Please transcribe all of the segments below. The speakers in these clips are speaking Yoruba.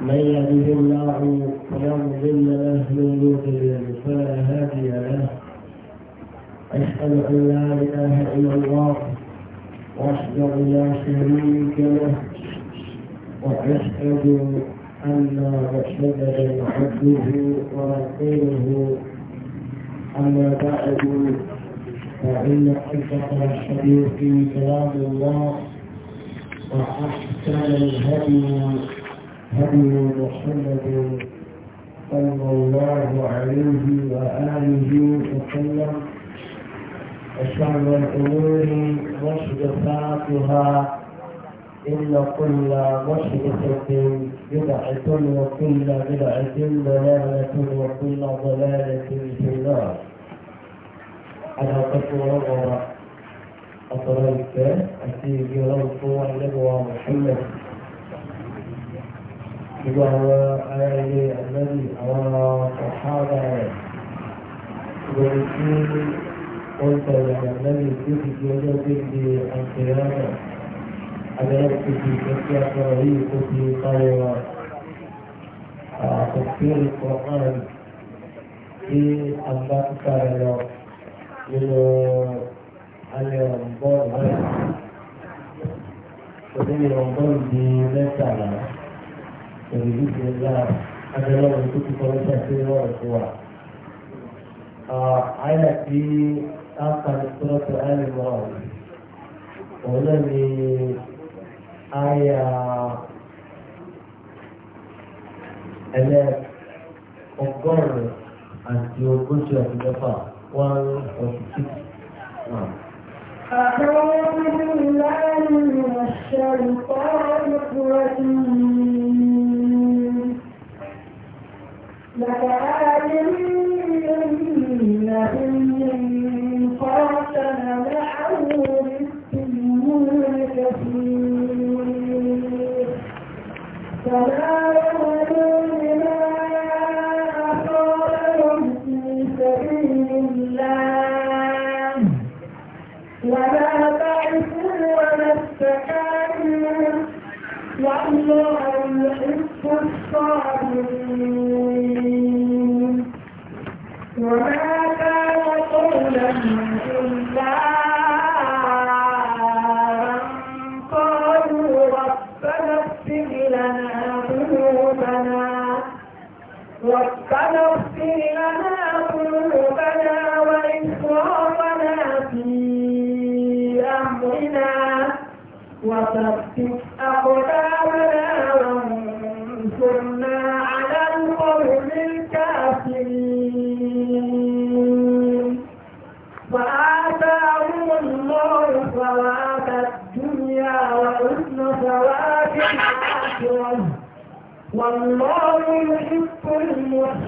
من يهده الله فلا مضل له من يضلل فلا هادي له أشهد أن لا إله إلا الله ان لا شريك له وأشهد أن محمدا عبده ورسوله أما بعد فإن أصدق الحديث كلام الله وأحسن الهدي هدي محمد صلى الله عليه وآله وسلم وشر الأمور محدثاتها إن كل محدثة بدعة وكل بدعة ضلالة وكل ضلالة في النار على قصر الغرب أطريت أتي بغرب ونبوى محمد gbogbo àwọn ará ilé ànábì àwọn ọ̀háàbà rẹ̀ lórí tí wọ́n tẹ̀lé ànábì tó ti di ọjọ́ gbèsè àtẹ̀yàmà abẹ́rẹ́ tó ti ìfẹ́sí àtọ̀rọ̀ yìí tó ti káyọ̀ wa àkọsí ìkọ̀ọ̀kan tí àgbàkúta rẹ̀ lọ nínú alẹ́ ọ̀gbọ́n rẹ̀ òní ọ̀gbọ́n di mẹ́tàlá pẹ̀lú ìdíje ńlá adẹ́lọ́run tó ti kọ́ lọ́sẹ̀ tó rọrùn fún wa. àyà tí a kà ní sọ́dọ̀tọ̀ àyà mọ́ òun náà ni àyà ẹlẹ́ ọgọ́rùn-ún àti ogójì àti mẹ́fà one forty أعوذ بالله من الشيطان الرجيم لك آل وما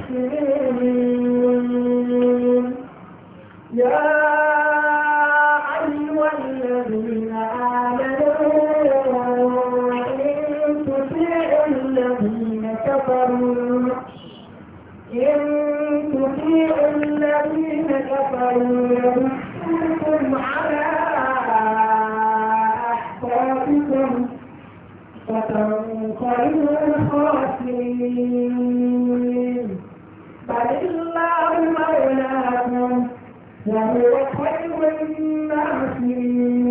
المسلمين يا أيها الذين آمنوا إن تطيعوا الذين كفروا إن تطيعوا الذين كفروا يمسوكم على أحبابكم فتنقلوا الخاسرين فلله مولاكم وهو خير الناصرين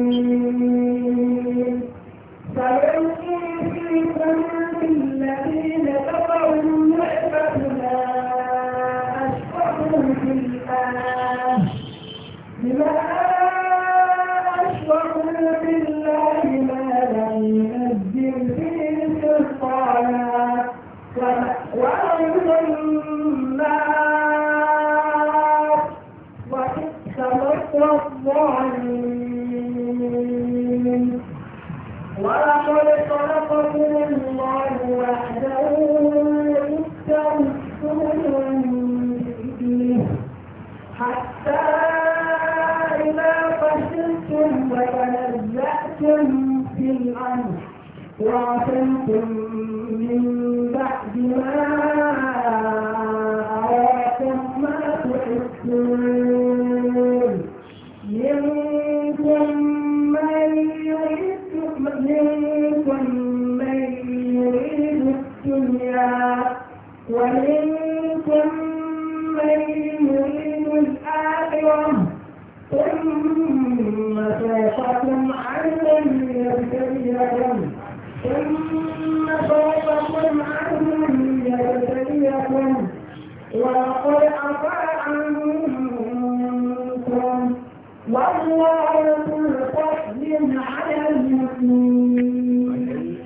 ولقد عفا عنكم والله ذو الفضل على المؤمنين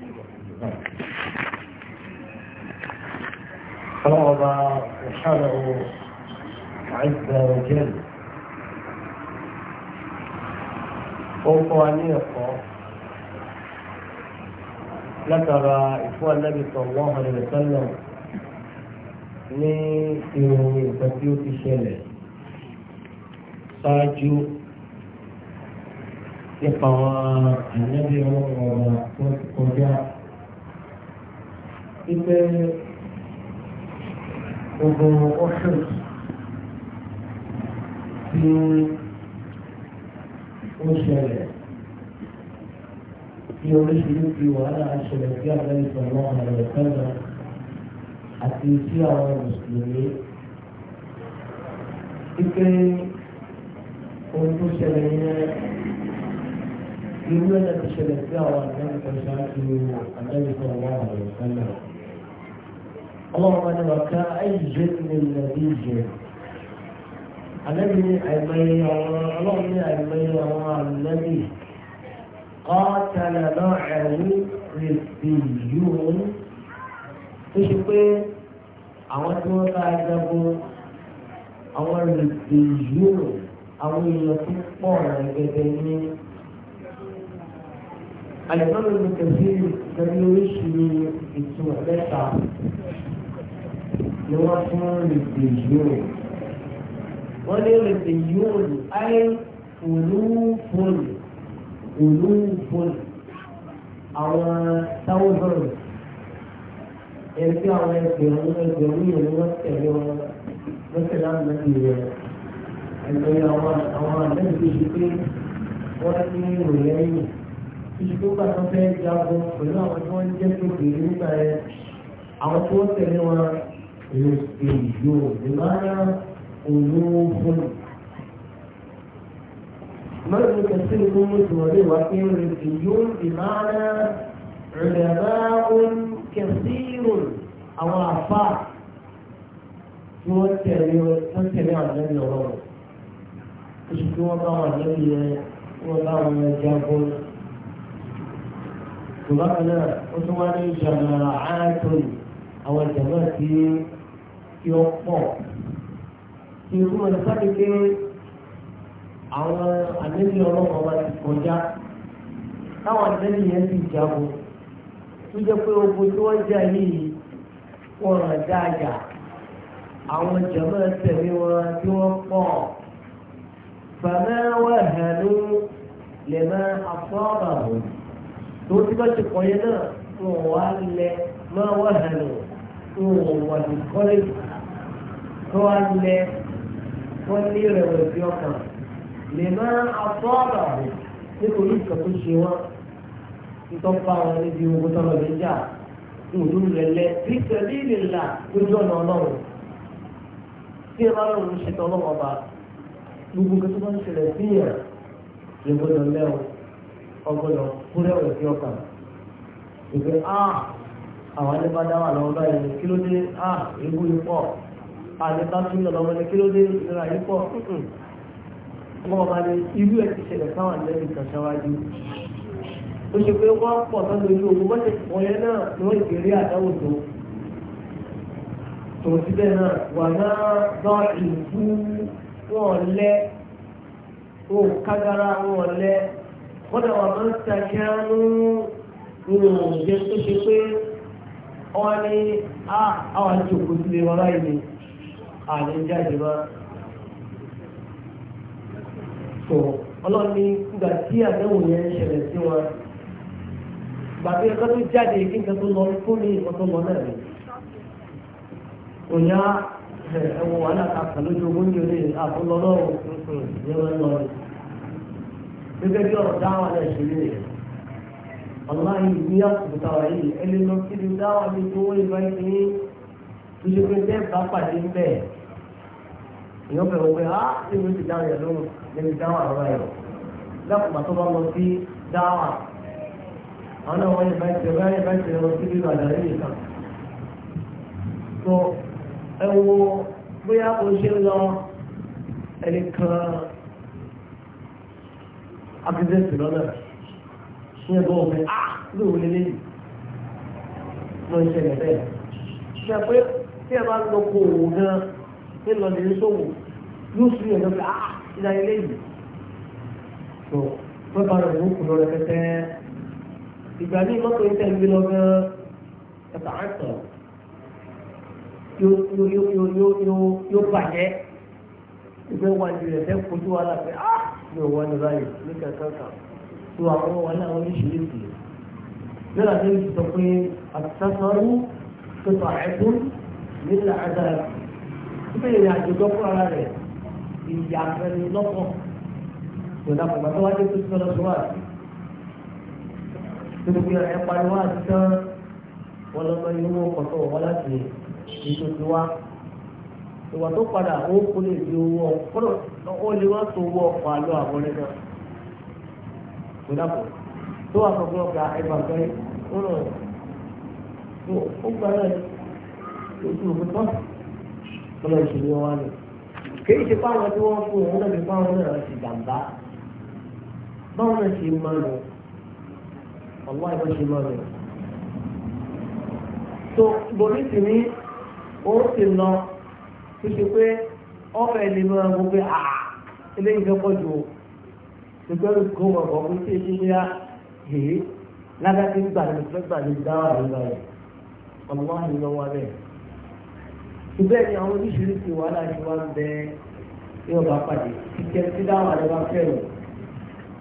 فرض وشرع عز وجل وطواني لترى إخوان النبي صلى الله عليه وسلم ní ìròyìn nǹkan tí ó ti ṣẹlẹ̀ ṣáájú nípa àwọn àyẹ̀bí ọlọ́run ọ̀rọ̀ tó ti kọjá. Ipe ogun ọ̀sùn tí ó ṣẹlẹ̀ tí oríṣiríṣi wàhálà ṣẹlẹ̀ sí àgbẹ̀yìn pẹ̀lú àwọn ọ̀rọ̀ ìfẹ́ àti sí àwọn mùsùlùmí wípé ohun tó ṣẹlẹ̀ yẹn irú ẹ̀dá tó ṣẹlẹ̀ sí àwọn àdáyébọ̀ ṣáájú àdáyébọ̀ wà lọ́wọ́ sẹ́lẹ̀. اللهم انا وكا اي جن الذي جن الذي امين اللهم امين الذي قاتل معه ربيون تشوفين àwọn tí wọ́n bá jagun àwọn èdè yóò àwọn èèyàn tó pọ̀ gẹ́gẹ́ ní. àìsàn ló ti tẹ̀sí pẹ̀lú oríṣi ètò ẹ̀lẹ́ta ni wọ́n fún èdè yóò. wọ́n ní èdè yóò lò áyé olúfòlù olúfòlù àwọn táwọn bọ̀rọ̀. ẹni tí àwọn ẹgbẹ̀rún ẹgbẹ̀rún yẹn ni wọ́n tẹ̀lé wọn lọ́sẹ̀ láti lẹ́bi rẹ̀ ẹgbẹ́ àwọn àwọn àlẹ́bí tó ṣe pé wọ́n ní ìròyìn ẹ̀yìn iṣu tó bá tó fẹ́ jagun pẹ̀lú àwọn tí wọ́n jẹ́ tó kéré nígbà yẹn àwọn tí wọ́n tẹ̀lé wọn èyò ìmáyà olóòfò mọ́tò kẹsí ni mo mú tòwọ́lé wá pé èyò ìmáyà rẹ̀ bá ń. kẹsíìrùn àwọn àfà tí wọ́n tẹ̀lé wọ́n tẹ̀lé àwọn ẹ̀mí ọ̀rọ̀ rẹ̀ oṣù tí wọ́n bá wọn lẹ́bi rẹ̀ wọ́n bá wọn ẹja bọ́ọ̀lù. Yorùbá kan náà ó tún wá ní ìjàmbá àátọ́lù àwọn ìjàmbá tí tí ó pọ̀. Irú ẹ̀ sáré pé àwọn àlejò ọlọ́mọ wa ti kọjá. Táwọn àlejò yẹn ti jábọ̀ tó pé ogun tí wọ́n jà yìí wọ́n ràn dáadáa àwọn jẹ̀mọ́ tẹ̀lé wọn tí wọ́n pọ̀ bàbá wà hànú lè máa àfọ́ọ̀bà wò tó tí bá ti kọ́ yẹn náà wọn wá lẹ máa wà hànú wọn wà ní kọ́lẹ́jì tó wá lẹ wọ́n ní ìrẹ̀wẹ̀sì ọkàn lè máa àfọ́ọ̀bà wò nítorí ìkàtúnṣe wọn ntọ́pá wọn níbi owó tọ́lọ̀ lè jà lòdù lẹ́lẹ́ bí tẹ̀lé ìlera lójú ọ̀nà ọlọ́run tí ẹ bá lọ́run ṣe tọ́ lọ́wọ́ ọba gbogbo kí tó bá ń ṣẹlẹ̀ sí yẹn lè gbọdọ̀ lẹ́wọ̀ ọgbọdọ̀ kúrẹ́ òwe sí ọkàn ìgbẹ́ a ah, àwọn ẹni bá dá wà lọ́wọ́ báyìí kí ló dé a ah, ewu ipọ̀ àti bá tún lọ́wọ́ ẹni kí ló dé ìlera ipọ̀ ọmọ ọba ni irú ẹ̀ ti ṣẹlẹ̀ káwọn ẹni kan ṣáwájú ó ṣe pé wọ́n pọ̀ náà lójú ogun wọ́n ti pọ̀ yẹn náà ni wọ́n ti rí àdáwò tó tó síbẹ̀ náà wà náà bá ìlú wọn lẹ́ wọn kágára wọn lẹ́ wọ́n dà wà máa ń sàkíá ní oúnjẹ tó ṣe pé wọ́n ní àwọn àti òkú wọn jáde ọlọ́ni tí àdéhùn yẹn ń ṣẹlẹ̀ sí wọn. gbàgbé ẹ̀kọ́ tó jáde kí nǹkan tó lọ fún mi ìwọ́n tó lọ náà rẹ̀. òyà ẹ̀wọ̀n wà láta pẹ̀lú ogún ní olè àbúlọ lọ́wọ́ ní wọ́n lọ rẹ̀. gẹ́gẹ́ bí ọ̀rọ̀ dáwà náà ṣe rí rẹ̀. ọ̀láyé ní àkùkùtà wà yìí ẹni lọ sí ibi dáwà ní tó wọ́n ìgbà yìí ní tuntun pé bá pàdé ń bẹ̀. èèyàn bẹ̀rù pé á ìwé ti dáwà yẹn lọ àwọn náà wọ́n lè bá ti bá yẹn bá ti lọ sí bíbá àdàrí nìkan. tó ẹ wo bóyá o ṣe ń lọ ẹnìkan abidẹ́sì lọ́nà ní ẹgbẹ́ òfin á lóòrè lẹ́yìn lọ ìṣẹ̀lẹ̀ bẹ́ẹ̀. ṣe pé tí ẹ bá lọ kó òwò gan ní lọ lè sọ̀wọ́ yóò sún yẹn lọ́pẹ́ á ah, ìdáyẹlẹ́yìn. tó pẹ́ bá rẹ̀ ló kù lọ́rẹ́ pẹ́pẹ́ ìgbà mọ́tò yìí tẹ̀lé lọ gan ẹ̀fà àìsàn yóò bàjẹ́ ìgbẹ́ wà ní rẹ̀ fẹ́ kojú wa la fẹ́ ah yóò wà ní báyìí ní kankan kan tó àwọn wà ní àwọn oríṣiríṣi lọ́la tó yìí sọ pé àtúntàṣọ́rú tó tọ̀ àìsàn nílẹ̀ àdára ìbéèrè ní àjọjọ́ fún ara rẹ̀ ìyá fẹ́ni lọ́kọ̀ nítorí ẹ pariwo àti tán wọn lọ́mọ inú wọn kọ̀ tó wọn láti ètò ti wá ìwà tó padà ó kó lè di owó ọ̀pọ̀lọ̀ ó lè wá tó owó ọ̀pọ̀ àlọ́ àwọn ọ̀rẹ́ náà tó dàpọ̀ tó wà sọ fún ọ̀gá ẹgbà pé ó rọ̀ tó ó gbà náà lójú òfin tán lọ́nà ìṣèlú wa ni kìí ṣe fáwọn tí wọ́n fún òun náà ní fáwọn náà ti jàǹbá báwọn náà ṣe máa lọ àwọn àìbọ̀ṣe mọ́ rẹ̀ so bòmí sì ní ó sì lọ tó ṣe pé ọ̀fẹ́ lè máa wọ pé à ah, eléyìí fẹ́ pọ̀ jù ó ṣùgbọ́n kó mọ̀ bọ̀ pé ṣé ṣe yá èyí lágbàtí gbà ní fẹ́ gbà ní dáwà nígbà rẹ̀ ọmọ wa ni lọ́wọ́ bẹ́ẹ̀ ṣùgbọ́n ẹni àwọn oríṣiríṣi wàhálà ni wọ́n ń bẹ ní ọba pàdé kíkẹ́ sí dáwà rẹ̀ bá fẹ́ràn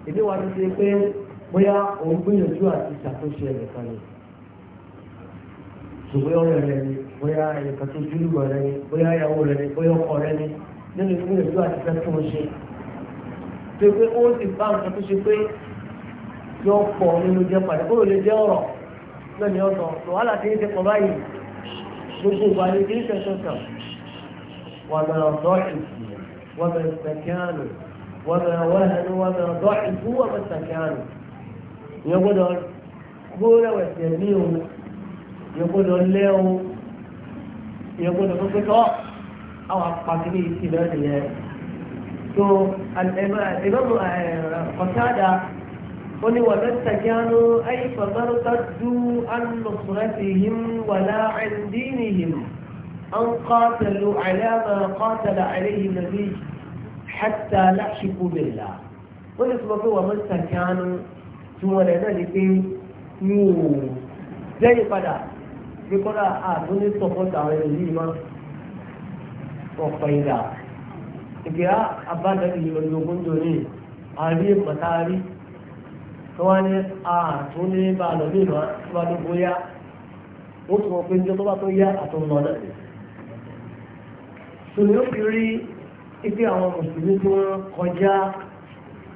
ìdí wa ti ṣe pé bóyá òun gbìyànjú àti ìṣàkóso ẹ̀rẹ̀ kan ni ṣùgbọ́n ọ̀rẹ́ rẹ ni bóyá ẹ̀ka tó júlùmọ̀ rẹ ni bóyá ìyàwó rẹ ni bóyá ọkọ rẹ ni nínú gbìyànjú àti ìṣẹ́ tó ń ṣe tó pé ó sì bá nǹkan tó ṣe pé yọ pọ̀ nínú jẹ́ pàdé kó lè jẹ́ ọ̀rọ̀ lẹ́ni ọ̀tọ̀ wàhálà tí ń ṣe pọ̀ báyìí gbogbo ìgbà ni kì í ṣe ṣọ̀tàn wàmẹ̀ ọ̀dọ́ ìsìn wàmẹ̀ ìsìnkánù wàmẹ̀ wẹ́hẹ̀nu wàmẹ̀ ọ̀dọ́ ìsìn wàmẹ̀ ìsìnkánù èèyàn gbọ́dọ̀ gbórẹ̀wẹ̀sì ẹ̀mí o èèyàn gbọ́dọ̀ lẹ́ o èèyàn gbọ́dọ̀ tó pé tọ́ àwọn apàkìlì ìsì náà nìyẹn tó ìbámu ọ̀tádà ó ní wà lọ́tà kí á ló ayé fàmáró tá dú ánùsùrẹ́sì yìí wà láàrín dínì yìí أن قاتلوا على ما قاتل عليه النبي حتى لحشكوا بالله ونسبة ومن سكانوا túmọ̀ rẹ̀ náà ni pé mi ò lẹ́yìn padà pé kọ́dà àtúndé sọ̀pọ̀tà àwọn ẹ̀rọ yìí mọ́ ọ̀pọ̀ ìgbà ìgbà abádàbí ìlú ogun dòní àrí ìpàtàrí tó wá ní àtúndé bá lọ ní ìlú tó bá tó bóyá ó tún wọ́n pé ní tó bá tó yá àtúndé náà sùnìyàn fi rí ibi àwọn mùsùlùmí tó ń kọjá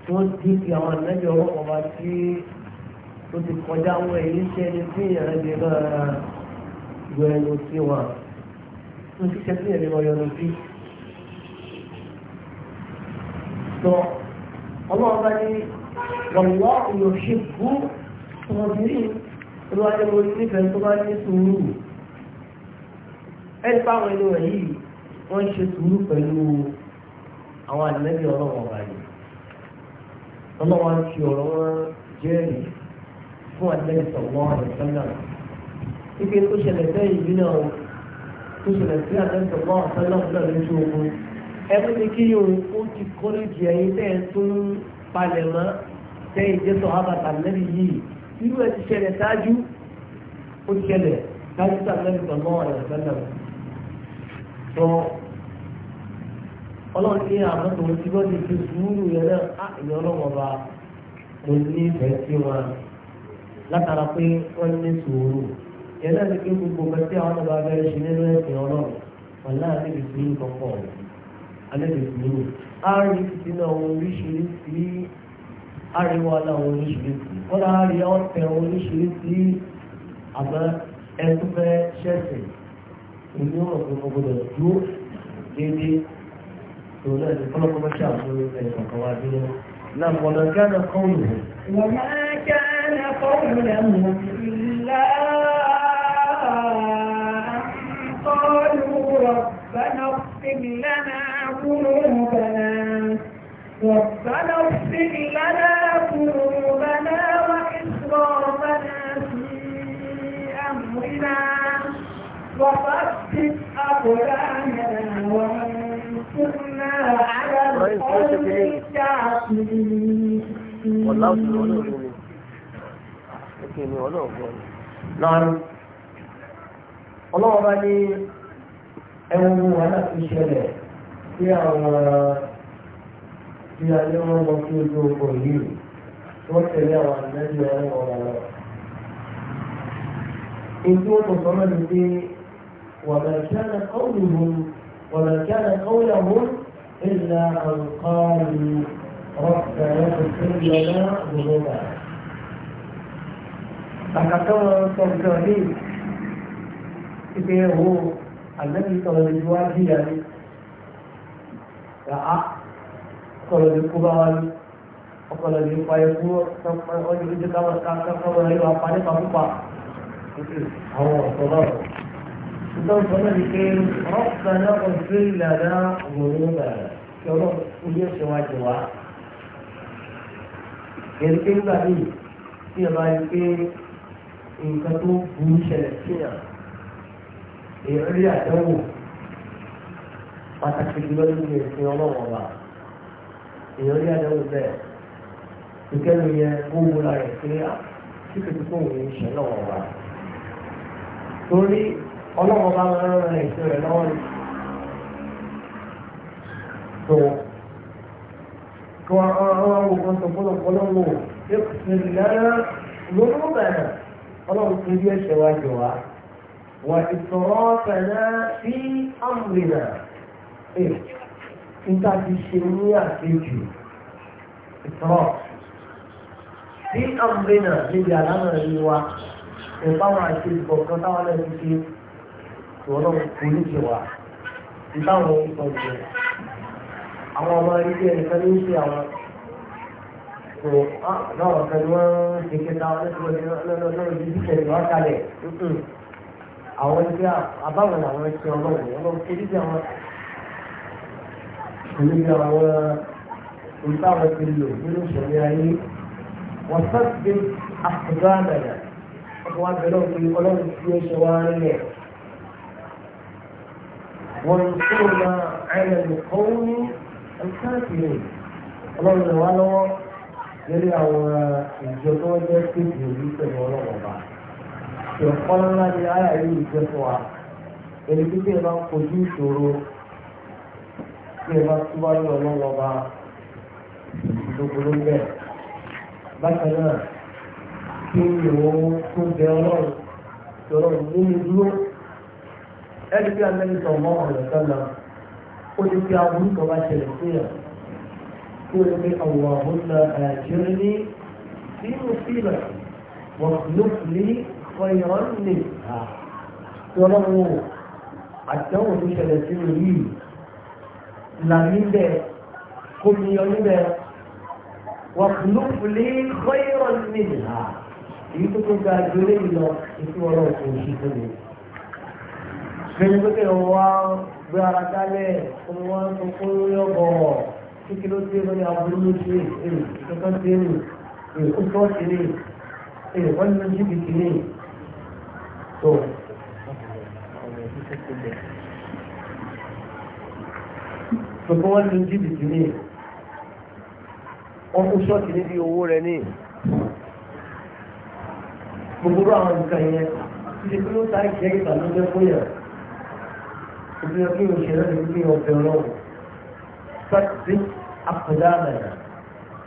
tí wọ́n ti fi àwọn ànábì ọwọ́ ọba tí ó ti kọjá àwọn èyí ṣe ẹni tí ìyàrá lè máa yọ ẹnu sí wa tó ti ṣe tí ìyàrá lè máa sí. sọ ọlọ́run bá ní wọ̀lọ́ òyòṣèkú ọmọbìnrin olùwàjẹ́ mo nífẹ̀ẹ́ tó bá ní sùúrù ẹni báwọn ẹni wọ̀nyí wọ́n ń ṣe sùúrù pẹ̀lú àwọn ànábì ọlọ́run ọba yìí ọlọ́wọ́ ń fi ọ̀rọ̀ wọn jẹ́rìí fún àtẹ́sọ̀ wọn àtẹ́sọ̀nà ibi tó ṣẹlẹ̀ bẹ́ẹ̀ yìí náà tó ṣẹlẹ̀ sí àtẹ́sọ̀ wọn àtẹ́sọ̀nà náà lójú ogun ẹni ní kí yóò ó ti kọ́lẹ́jì ẹ̀yin bẹ́ẹ̀ tó ń palẹ̀ mọ́ sẹ́yìn jẹ́ sọ àbàtà lẹ́bi yìí irú ẹ ti ṣẹlẹ̀ ṣáájú ó ti ṣẹlẹ̀ ṣáájú sàlẹ́ ọlọ́run ní àwọn tó ti bọ́ ti fi sùúrù yẹn náà á ah, ìyẹn ọlọ́wọ́ bá mo ní ìfẹ́ sí wọn látara pé wọ́n ní sùúrù yẹn náà ti pé gbogbo ọgbẹ́ tí àwọn ọba abẹ́rẹ́ ṣe nínú ẹ̀sìn ọlọ́run wọn náà lè fi sùúrù kọ̀ọ̀kọ̀ alẹ́ lè sùúrù àárín títí náà wọn oríṣiríṣi àríwá náà wọn oríṣiríṣi wọn náà rí ọ̀tẹ̀ wọn oríṣiríṣi àmọ́ ẹtú fẹ́ ṣẹ̀sìn ìlú ọ̀gbọ̀n gbọdọ̀ dúró déédéé هناك طلب مشاعر نعم وما كان قولهم وما كان قولهم إلا قالوا ربنا اغفر لنا قلوبنا ربنا اغفر لنا قلوبنا وإسرافنا في أمرنا وثبت أقدامنا وانصرنا على القلب Láàrín, ọlọ́wọ́ bá ní ẹwọ́n mú wà láti ṣẹlẹ̀ sí àwọn tí a lé wọ́n lọ sí ojú ọkọ̀ yìí wọ́n tẹ̀lé àwọn àmẹ́lì ọ̀rọ̀ ọ̀rọ̀ lọ. Ètò ọkọ̀ sọ́mọ́ ni pé wà bẹ̀rẹ̀ kí á na kọ́ إلا أن قالوا ربنا اغفر لنا ذنوبنا أحكام التوحيد إذا هو الذي تولد واجبا رأى قال القبال ọpọlọ lè pa ẹkú ọjọ́ ìjọba káwọn ẹ̀rọ apá nípa púpà àwọn ọ̀sán náà ṣùgbọ́n sọ́nà ni pé rabbana ighfir lana dhunubana kí ọlọ́run ojú ẹ̀ṣẹ̀ wa jù wá. Èrè pé nígbà míì tí ẹ bá rí pé nǹkan tó burú ṣẹlẹ̀ síyàn èrí àdánwò pàtàkì jùlọ nínú ìsìn ọlọ́wọ́ wa èèyàn rí àdánwò bẹ́ẹ̀ ìkẹ́lu yẹn kó wúra rẹ̀ pé kíkìtì fún òun ìṣẹ́ lọ́wọ́ wa ọlọ́wọ́ bá máa ń ran èso rẹ̀ lọ́wọ́ ni. tó kí wọ́n ọ̀rọ̀ wò kan tó fún ọlọ́wọ́ ìpìlẹ̀ lónú bẹ̀rẹ̀ ọlọ́wọ́ tó bí ẹ̀ṣẹ̀ wá jọ wá wà ìsọ̀rọ̀ fẹ̀lẹ́ sí àmìnà níta ti ṣe ní àkejì ìsọ̀rọ̀ sí àmìnà níbi àlámọ̀ yìí wá ìbáwọn àti ìbọ̀kan táwọn ẹni ti ṣe ìwọ́nà àwọn ọmọ ilé ẹ̀ka ní ṣe àwọn kò náà kan ní wọ́n ṣe kẹta wọn lọ́sọ̀rọ̀ ní ọlọ́run ní bí kẹrin àwọn ẹgbẹ́ àbáwọn làwọn ẹṣẹ́ ọlọ́run ọlọ́run kò ní bí àwọn kò ti lò nínú ìṣẹ̀lẹ̀ ayé وانصرنا على القوم الكافرين اللهم صل على lórí àwọn ìjọ tó wọ́n jẹ́ kéèkì òbí pẹ̀lú ọlọ́wọ́n bá ṣèkọ́ ńlá ni ara yìí jẹ́ fún wa ẹni tí kéèyàn bá ń kojú ìṣòro kéèyàn bá túbọ̀ ní ọlọ́wọ́n bá ìdókòwò bẹ́ẹ̀ bákan náà kí ni òun tó bẹ ọlọ́run tọrọ nínú dúró ẹni pé amẹ́ni sọ mọ́ ọ̀rọ̀ sọ́la ó lè fi àwọn oníkọ̀ bá ṣẹlẹ̀ sí ẹ̀ kí ó lè fi àwọn àhóńlá àjẹrí ní sí mùsílà wọ́n ló fi fọyọ́ nì ha tí wọ́n lọ́wọ́ àtẹ̀wò tó ṣẹlẹ̀ sí yìí là níbẹ̀ kó mi yọ níbẹ̀ wọ́n ló fi fọyọ́ nì ha èyí tó tó ga jù lẹ́yìn lọ ètò ọlọ́run kò ṣe fún gbẹ̀yìn pé kẹ́yìn wá gbé ara dálẹ̀ fún wọn tó kó yọ̀bọ̀ kíkí ló dé lórí aburú ló dé èrè tuntun dé ní èrè kó tó ti ní èrè wọ́n ní jìbìtì ní. tó gbogbo wọn ní jìbìtì ní wọ́n kó ṣọ́ọ̀tì níbi owó rẹ̀ ní gbogbo àwọn nǹkan yẹn ti di pé ó ta ìṣẹ́ ìgbàlódé fún yàrá òbí ọkí òṣèré ní ilé ọbẹ̀ ọlọ́wọ́ pẹ́ẹ́sì àpòdáàmẹ̀rẹ̀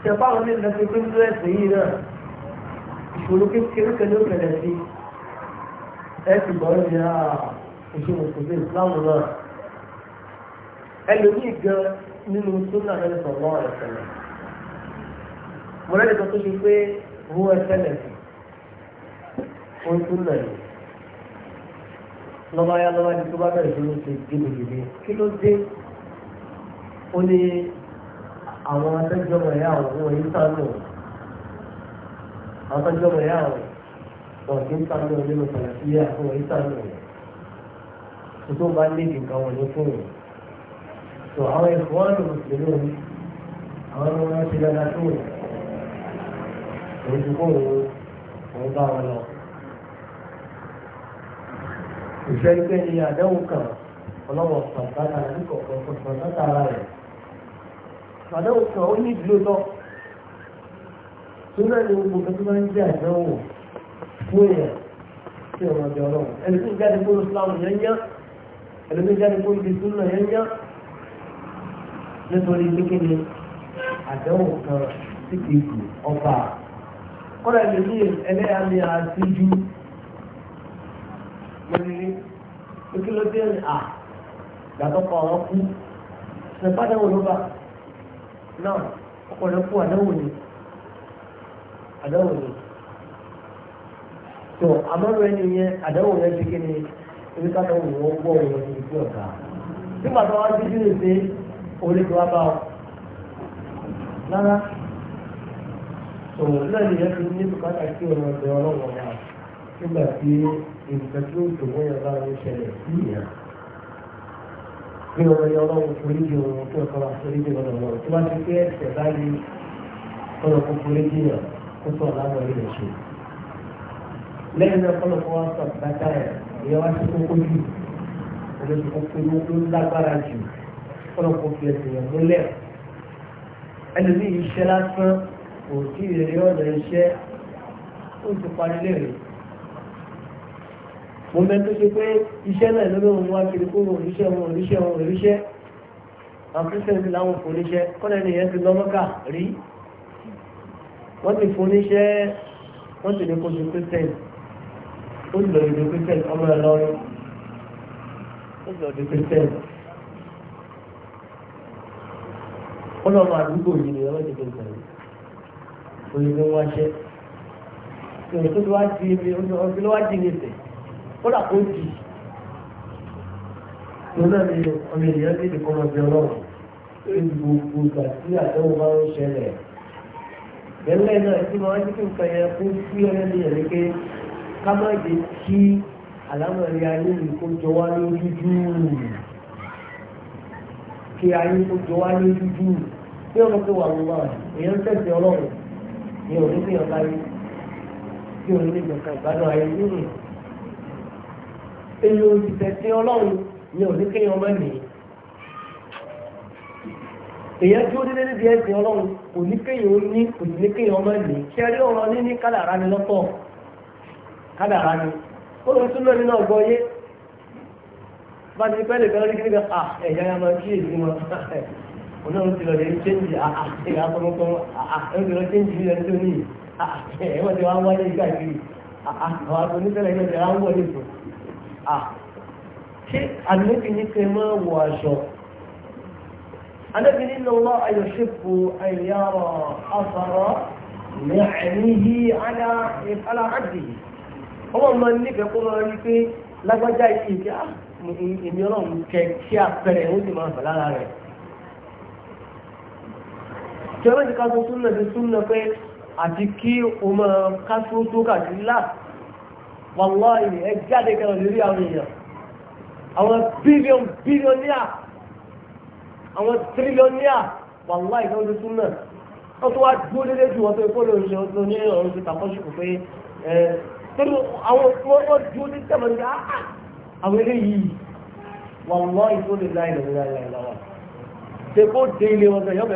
ṣe báwọn ní ìlẹ́sìn pé ní ẹ̀sìn yìí náà ìṣòro kékeré kan ló bẹ̀rẹ̀ sí ẹ̀sìn bọ́ọ̀lù ní ìṣòro kò sí ìsìláàmù náà ẹlòmíì gan nínú súnà náà sọ mọ́ ẹ̀sẹ̀lẹ̀ mọ̀lẹ́dẹ̀kan tó ṣe pé wọ́n ẹ̀sẹ̀lẹ̀ sí wọ́n súnà yìí lọ́ba ya lọ́ba di tó bá bẹ̀rẹ̀ sí ní ṣe gidigidi kí ló dé ó ní àwọn adájọ́mọ̀ ẹ̀yà àwọn wọ̀nyí sánú àwọn adájọ́mọ̀ ẹ̀yà àwọn wọ̀nyí sánú nínú kàlàfíà wọ̀nyí sánú tó tó bá lé ìdìkà wọ̀nyí fún un tó àwọn ẹ̀kọ́ wọn lò mùsùlùmí àwọn ọmọ wọn ti dáadáa tó òun ti kó òun òun bá wọn lọ ìfẹ́ pé ní àdéhùn kan ọlọ́wọ́ pàtàkì àti kọ̀ọ̀kan pàtàkì ara rẹ̀ àdéhùn kan ó ní ìdílé tọ́ sórí ni gbogbo kan tó máa ń jẹ́ àdéhùn fún èèyàn tí ọmọ ọjọ́ ọlọ́run ẹni tó jáde kó Islam yẹn yán ẹni tó jáde kó ibi súnà yẹn yán nítorí kékeré àdéhùn kan sí kejì ọba kọ́lá ìlú ẹlẹ́yàmí àti ju. kí ló dé à gbàtọ́ kọ́ ọ̀rọ̀ kú ṣẹ̀fá náà ẹni yẹn àdáwò yẹn ti kí ni orí ká náà wò ó gbọ́ òun ní ìgbé ọ̀gá ọ rárá òun náà lè yẹ kí ní bùkátà kí nǹkan tí ó dùnmọ́ yẹn bá ń ṣẹlẹ̀ sí ìyá bí ọmọ yẹn ọlọ́run forí di ọmọ tí ọkọ wa forí di ọmọ ọmọ tí wọ́n ti fi ẹsẹ̀ báyìí kọ́nà kó forí di yàn kó tó ọ̀làwọ̀ ilẹ̀ ṣe lẹ́yìn náà kọ́nà kó wá sọ bàtà ẹ̀ ìyẹn wá sí kókó jù ọ̀dọ̀ tó kókó ló ń lágbára jù kọ́nà kó fi ẹsẹ̀ yàn múlẹ̀ ẹlòmíì iṣẹ́ lásán òtí ìrẹ̀lẹ́ ọ̀dọ̀ mo mẹ́ tó ṣe pé iṣẹ́ náà ló lóun wá kiri kó wọn oríṣẹ́ wọn oríṣẹ́ wọn oríṣẹ́ àwọn kristian ti láwọn fún oníṣẹ́ kọ́nà ènìyàn ti lọ mọ́kà rí wọ́n ti fún oníṣẹ́ wọ́n ti ní kó ju kristian ó lọ ìlú kristian ọmọ ẹ̀ lọ́rùn ó lọ ìlú kristian ọlọ́mọ àdúgbò yìí ni ọlọ́dẹ tó ń sọ̀rọ̀ òyìnbó wáṣẹ́ òyìnbó tó wá di ní ìsẹ̀ kódà kó jì lọ́nà ni ọmọ ènìyàn ní ìdíkọ́ ọmọ ọ̀bẹ ọlọ́run ní gbogbo ìgbà tí àtẹ́wò bá ń ṣẹlẹ̀ ẹ̀lẹ́ náà tí wọ́n ti fún kẹyẹ fún sí ọ̀rẹ́ ní ẹ̀rí pé ká má jẹ́ kí àlámọ̀rí ayé yìí kó jọ wá ní dúdú kí ayé kó jọ wá ní dúdú bí ọ̀rọ̀ pé wà wọ́n wà èèyàn ń tẹ̀sí ọlọ́run ní òní fi hàn káyé tí òní lè gbọ̀ngàn ìgbádùn ayé yìí èyí ò ti tẹ̀sí ọlọ́run ni ò ní kéèyàn ọmọ nìyí èyàn tí ó dédé níbi ẹ̀sìn ọlọ́run kò ní kéèyàn ó ní kò ní kéèyàn ọmọ nìyí kí ẹ ọ̀rọ̀ ní kádàrá ni lọ́pọ̀ kádàrá ni ó lọ sún lónìí náà gbọ́ bá ti pẹ́ lè fẹ́ lórí kíni à ẹ̀yà ya máa kí èsì wọn onáwó ti lọ lè chéńjì àà ẹ̀yà afọmọkàn àà ẹ̀ lọ chéńjì bí ẹni tó níyì àà wọ́n ti wá wáyé ìgbà yìí àà àwọn akọ ṣé àlùmọ́bì ní pé máa wọ aṣọ anábì nínú lọ ayọ̀ṣẹ́pù ayọ̀yàrọ̀ afárọ̀ ní àìníyí aláàdì ọmọ máa nífẹ̀ẹ́ kó máa rí pé lágbájá yìí kí á ah, èmi ọlọ́run kẹ kí àpẹẹrẹ ó sì máa fẹ̀ lára rẹ̀ tí ọlọ́run ti ká tó súnmọ̀ pé àti kí o máa ká tó tó kàdí láti wàláhì ẹ jáde kan lórí àwọn èèyàn àwọn bílíọ̀n bílíọ̀nìà àwọn tírílíọ̀nìà wàláhì náà ló tún náà wọ́n tó wá dúró dédé ju wọn tó kó lórí ṣe ọdún ní ọ̀run ti tàkọ́ṣùkù pé ẹ torí àwọn wọ́n dúró dédé tẹ̀mọ̀ ní ah, ah. àwọn eléyìí wàláhì tó lè láì lọ́wọ́ láì láì lọ́wọ́ ṣe kó dé ilé wọn bẹ́ẹ̀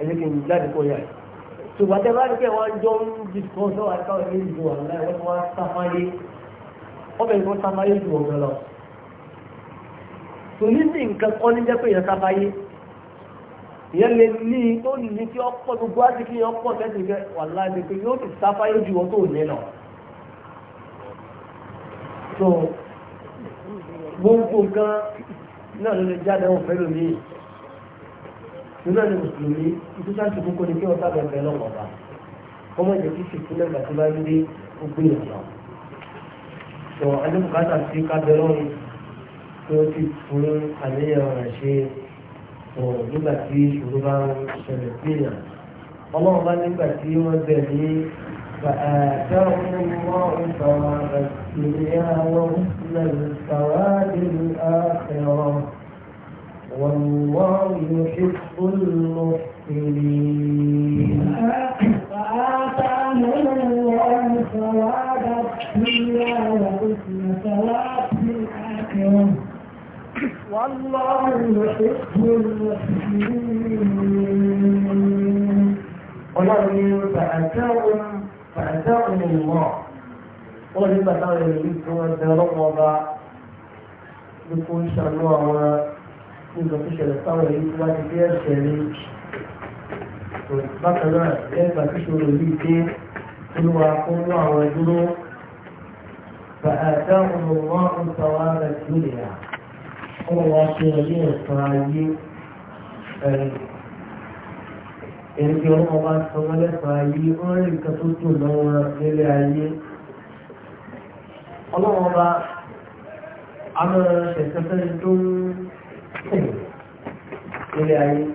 eh, yọ̀bẹ̀ ṣùgbọ́n tẹ bá rí pé wọ́n jọ ń discuss ọ̀wá káwọn ilé ìlú wà láì wọ́n wá sámáyé wọ́n bẹ̀rẹ̀ fún sámáyé ju ọ̀gá lọ. tòní sí nǹkan kọ́ ní jẹ́ pé èèyàn sámáyé ìyẹn lè ní tó ní tí ọ̀pọ̀ gbogbo àti kí yẹn ọ̀pọ̀ tẹ́sí kẹ wà láì pé yóò ti sámáyé ju wọn tó ní lọ. so gbogbo nǹkan náà ló lè jáde ọ̀fẹ́ lónìí nínú ẹni mùsùlùmí títí sáà ti kókó ni kí wọn sábẹ bẹ lọ́wọ́ ọba ọmọ ìjọ kí fìkú lẹgbà tó bá ń dé ogún ìyàwó tó ẹni bùkátà sí kábẹ lọ́rùn tí ó ti fún àníyàn rẹ̀ ṣe tó nígbà tí ìṣòro bá ń ṣẹlẹ̀ sí ìyàn ọlọ́run bá nígbà tí wọ́n bẹ̀ ní فآتاهم الله ثواب الدنيا وحسن الثواب الآخرة والله يحب المحسنين فآتاهم الله ثواب الدنيا وحسن ثواب والله يحب المحسنين ولهم فأتاهم فأتاهم الله ولما تعالى يريد أن ترغب بكل شأن nǹkan tó ṣẹlẹ̀ sáwọn èyí tó bá ti fi ẹ̀ṣẹ̀ ní bákan náà lẹ́gbàá tó ṣòro yìí dé olúwa fún àwọn dúró فآتاهم الله ثواب الدنيا هو شغلين الصرايين Èrìkì ọmọ ọba sọmọ lẹ́fà yìí wọ́n rí nǹkan tó tò ilé ayé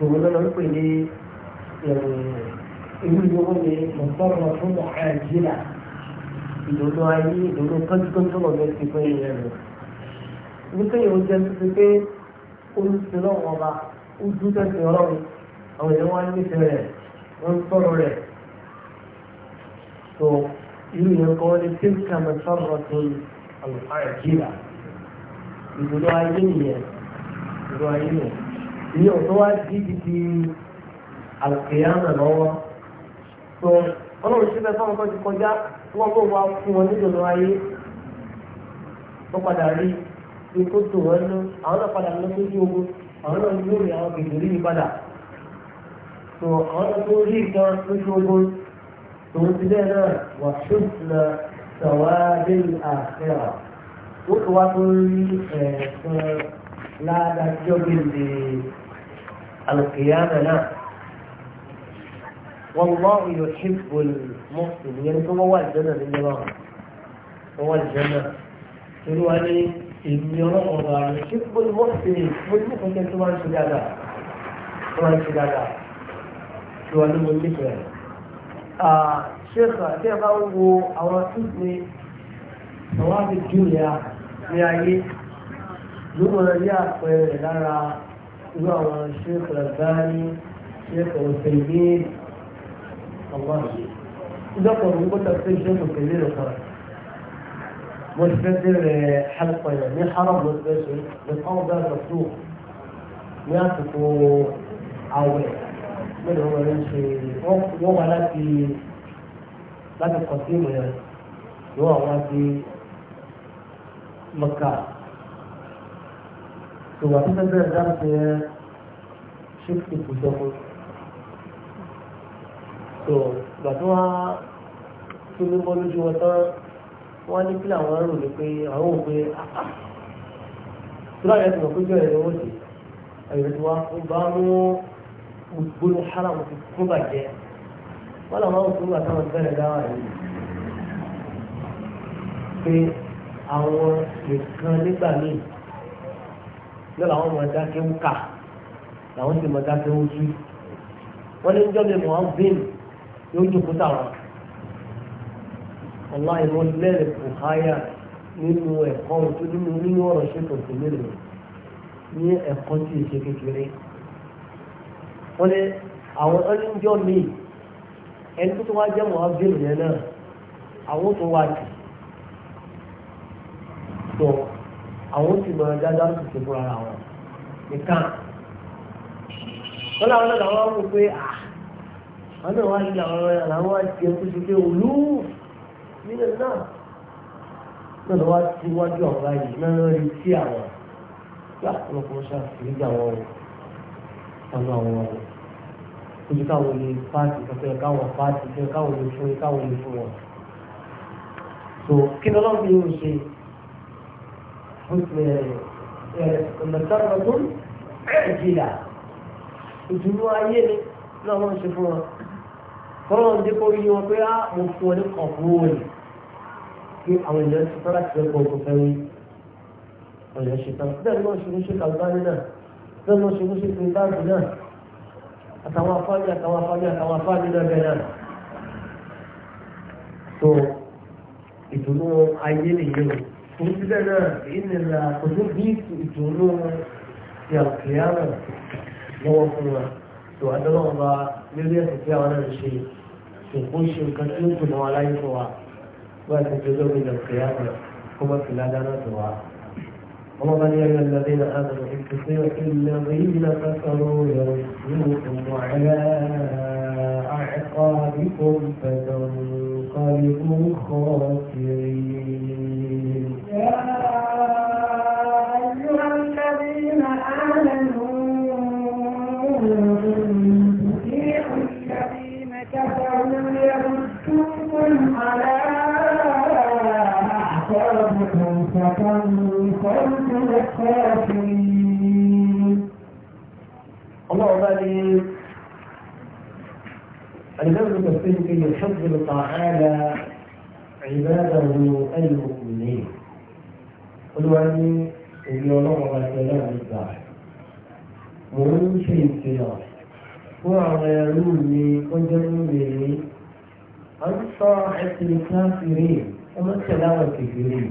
òun lọ́nà ń pè ní ìlú ìlú ní mọ̀tọ́rọ̀ fún àjílà ìdòdó ayé ìdòdó kọ́ńtọ́ńtọ́ ọ̀gbẹ́ ti pé ìyẹn lọ. nípa ìyẹn ó jẹ́ tuntun pé olùsílọ̀ ọba ó dúdú ẹ̀sìn ọlọ́run àwọn èèyàn wá nífẹ̀ẹ́ rẹ̀ wọ́n sọ̀rọ̀ rẹ̀. tó irú ìyẹn kọ́ ní tíńkà mọ̀tọ́rọ̀ tó àjílà ìgbòló ayé nìyẹn ìgbòló ayé nìyẹn ní ọ̀tọ́ wá di didi àlùkìyàmà lọ́wọ́ tó ọlọ́run ṣíbẹ̀ fáwọn kan ti kọjá tí wọ́n gbọ́dọ̀ wá fún wọn nígbòló ayé tó padà rí ní kó tó wọn lọ àwọn náà padà lọ sójú ogun àwọn náà lórí àwọn kìdìrí yìí padà tó àwọn náà tó rí ìkan lójú ogun tòun ti bẹ́ẹ̀ náà wà ṣùgbọ́n sọ̀wá dé àfẹ́ràn ó tó wá tó rí ẹ̀ẹ̀kan ládájọ́ gbèsè àlùkìyàmẹ̀ náà wọ́n mọ́ ìyọ̀ ṣípòl mọ́sùn yẹn tó wọ́n wà ìjọ́nà nínú wọn wọ́n wà ìjọ́nà torí wá ní èmi ọlọ́kọ̀ọ́ bá rẹ̀ ṣípòl mọ́sùn mo ní ìfọ̀kẹ́ tó máa ń ṣe dáadáa tó máa ń ṣe dáadáa tó wà ní mo nífẹ̀ẹ́ rẹ̀ ṣéèkà ẹ bá ń wo àwọn ìpè àwọn àti júlẹ̀ àti ní ayé yóò máa rí àpẹẹrẹ lára irú àwọn sheikh labani sheikh ọ̀sẹ̀yẹ ọ̀gbọ́n yìí. ìjọba òun kó tẹ̀sí sheikh ọ̀sẹ̀yẹ rẹ̀ kan. mo ti fẹ́ bẹ̀rẹ̀ xalùpọ̀ yẹn ní haram ló ti fẹ́ láti láti kọ̀sí ìmọ̀ yẹn ní wọ́n wá sí. مكة سواء تنزل درس شفت الفسوق so ìgbà tí wọ́n tún ní bọ́ lójú wọn tán wọ́n ní kí làwọn rò ní pé àwọn ò pé tíláyà tí wọ́n pé jọ ẹ̀rọ òdì ẹ̀rọ tí wọ́n ń bá mú gbóló haram ti kún bàjẹ́ wọ́n làwọn ò tún wà táwọn bẹ̀rẹ̀ dáwà yìí pé àwọn nìkan nígbà míì lọ́la àwọn ọmọ dákẹ́ ń kà làwọn sì mọ dákẹ́ ń tú wọ́n ní jọ́ mi mọ̀ án bíìn yóò jókòó táwọn ọ̀la ìmọ̀ lẹ́rìí kò háyà nínú ẹ̀kọ́ tó nínú nínú ọ̀rọ̀ ṣètò tó nílò ní ẹ̀kọ́ tí ìṣe kékeré wọ́n ní àwọn ọ̀nìjọ́ mi ẹni tó tó wá jẹ́ mọ̀ bíìn yẹn náà àwọn tó wá jù sọ àwọn sì máa dáadáa sì ti fúnra wọn nìkan wọn làwọn náà làwọn wò pé ah, àwọn náà wá ní àwọn làwọn wá ti ẹkú sí pé olú nílẹ̀ náà náà lọ́wọ́ ti wájú àwọn báyìí náà lọ́ọ́ rí sí àwọn yá ọlọ́kùnrin ṣàfihàn àwọn ọ̀nà àwọn ọ̀rọ̀ ojú káwọn lè pààtì kẹfẹ́ káwọn pààtì kẹfẹ́ káwọn lè fún káwọn lè fún wọn. so kí ni ọlọ́run yóò ṣe ọ̀nàtàrọ̀tún ẹ̀jìlá ìdùnnú ayé ni náà wọ́n ń ṣe fún wọn kọ́rọ̀ ń dípò yí wọn pé á mo fún ọ ní kọ̀ọ̀bùrù kí àwọn èèyàn ti tọ́lá ti lọ́kọ̀ ọkọ̀ fẹ́ rí ọ̀yọ́ ṣe tán bẹ́ẹ̀ ni wọ́n ṣe fún ṣe kàlùbárí náà bẹ́ẹ̀ ni wọ́n ṣe fún ṣe fún báàgì náà àtàwọn afáàlì àtàwọn afáàlì àtàwọn afáàlì náà bẹ́ẹ̀ náà so ìdùnnú ayé nìyẹn o. وبدأ بإذن الله قدوم دي يكونون في القيامة موقوما وأن الله لم يستطيع ولا شيء يقول شيء قد أنتم ولا يقوى وتجدون إلى القيامة هما في الأدانة دعاء ومن يرى الذين آمنوا إن كثير الذين كفروا يرسلكم على أعقابكم فتنقلبوا خاسرين فتنة خلق الخاسرين اللهم بارك الإمام المسلم يفضل تعالى عباده المؤمنين قل وأني اليوم مثلا الداعي ومن شيء كذا وعيالوني وجنوني عن صاحب الكافرين ومن كلام الكافرين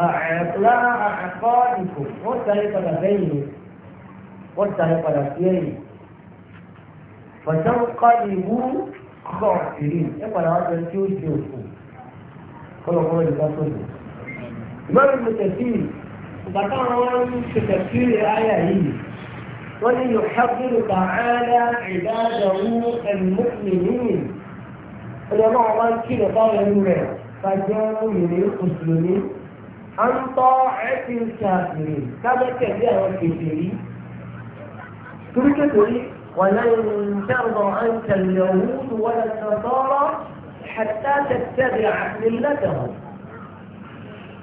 أعطلاء أعقادكم وطريقة بينه وطريقة فيه فتنقلبوا خاسرين إقرأ هذا الكيوش يوسف kọlọ kọlọ yìí ká tó lò. ìbára mi tẹ̀síì bàtà wọn ṣe tẹ̀síì ayà yìí wọ́n ní yóò ṣàkóso tààlà ìdájọ́wú ẹ̀mọ́kùnrin ọ̀dọ̀ náà wọ́n kí lọ bá wọn rẹ̀ kájọ́ à ń tọ́ ẹ̀sìn ìṣàkìrì kábẹ́kẹ̀lé àwọn kèfèrí torí kékeré ولن ترضى عنك اليهود ولا النصارى حتى تتبع ملتهم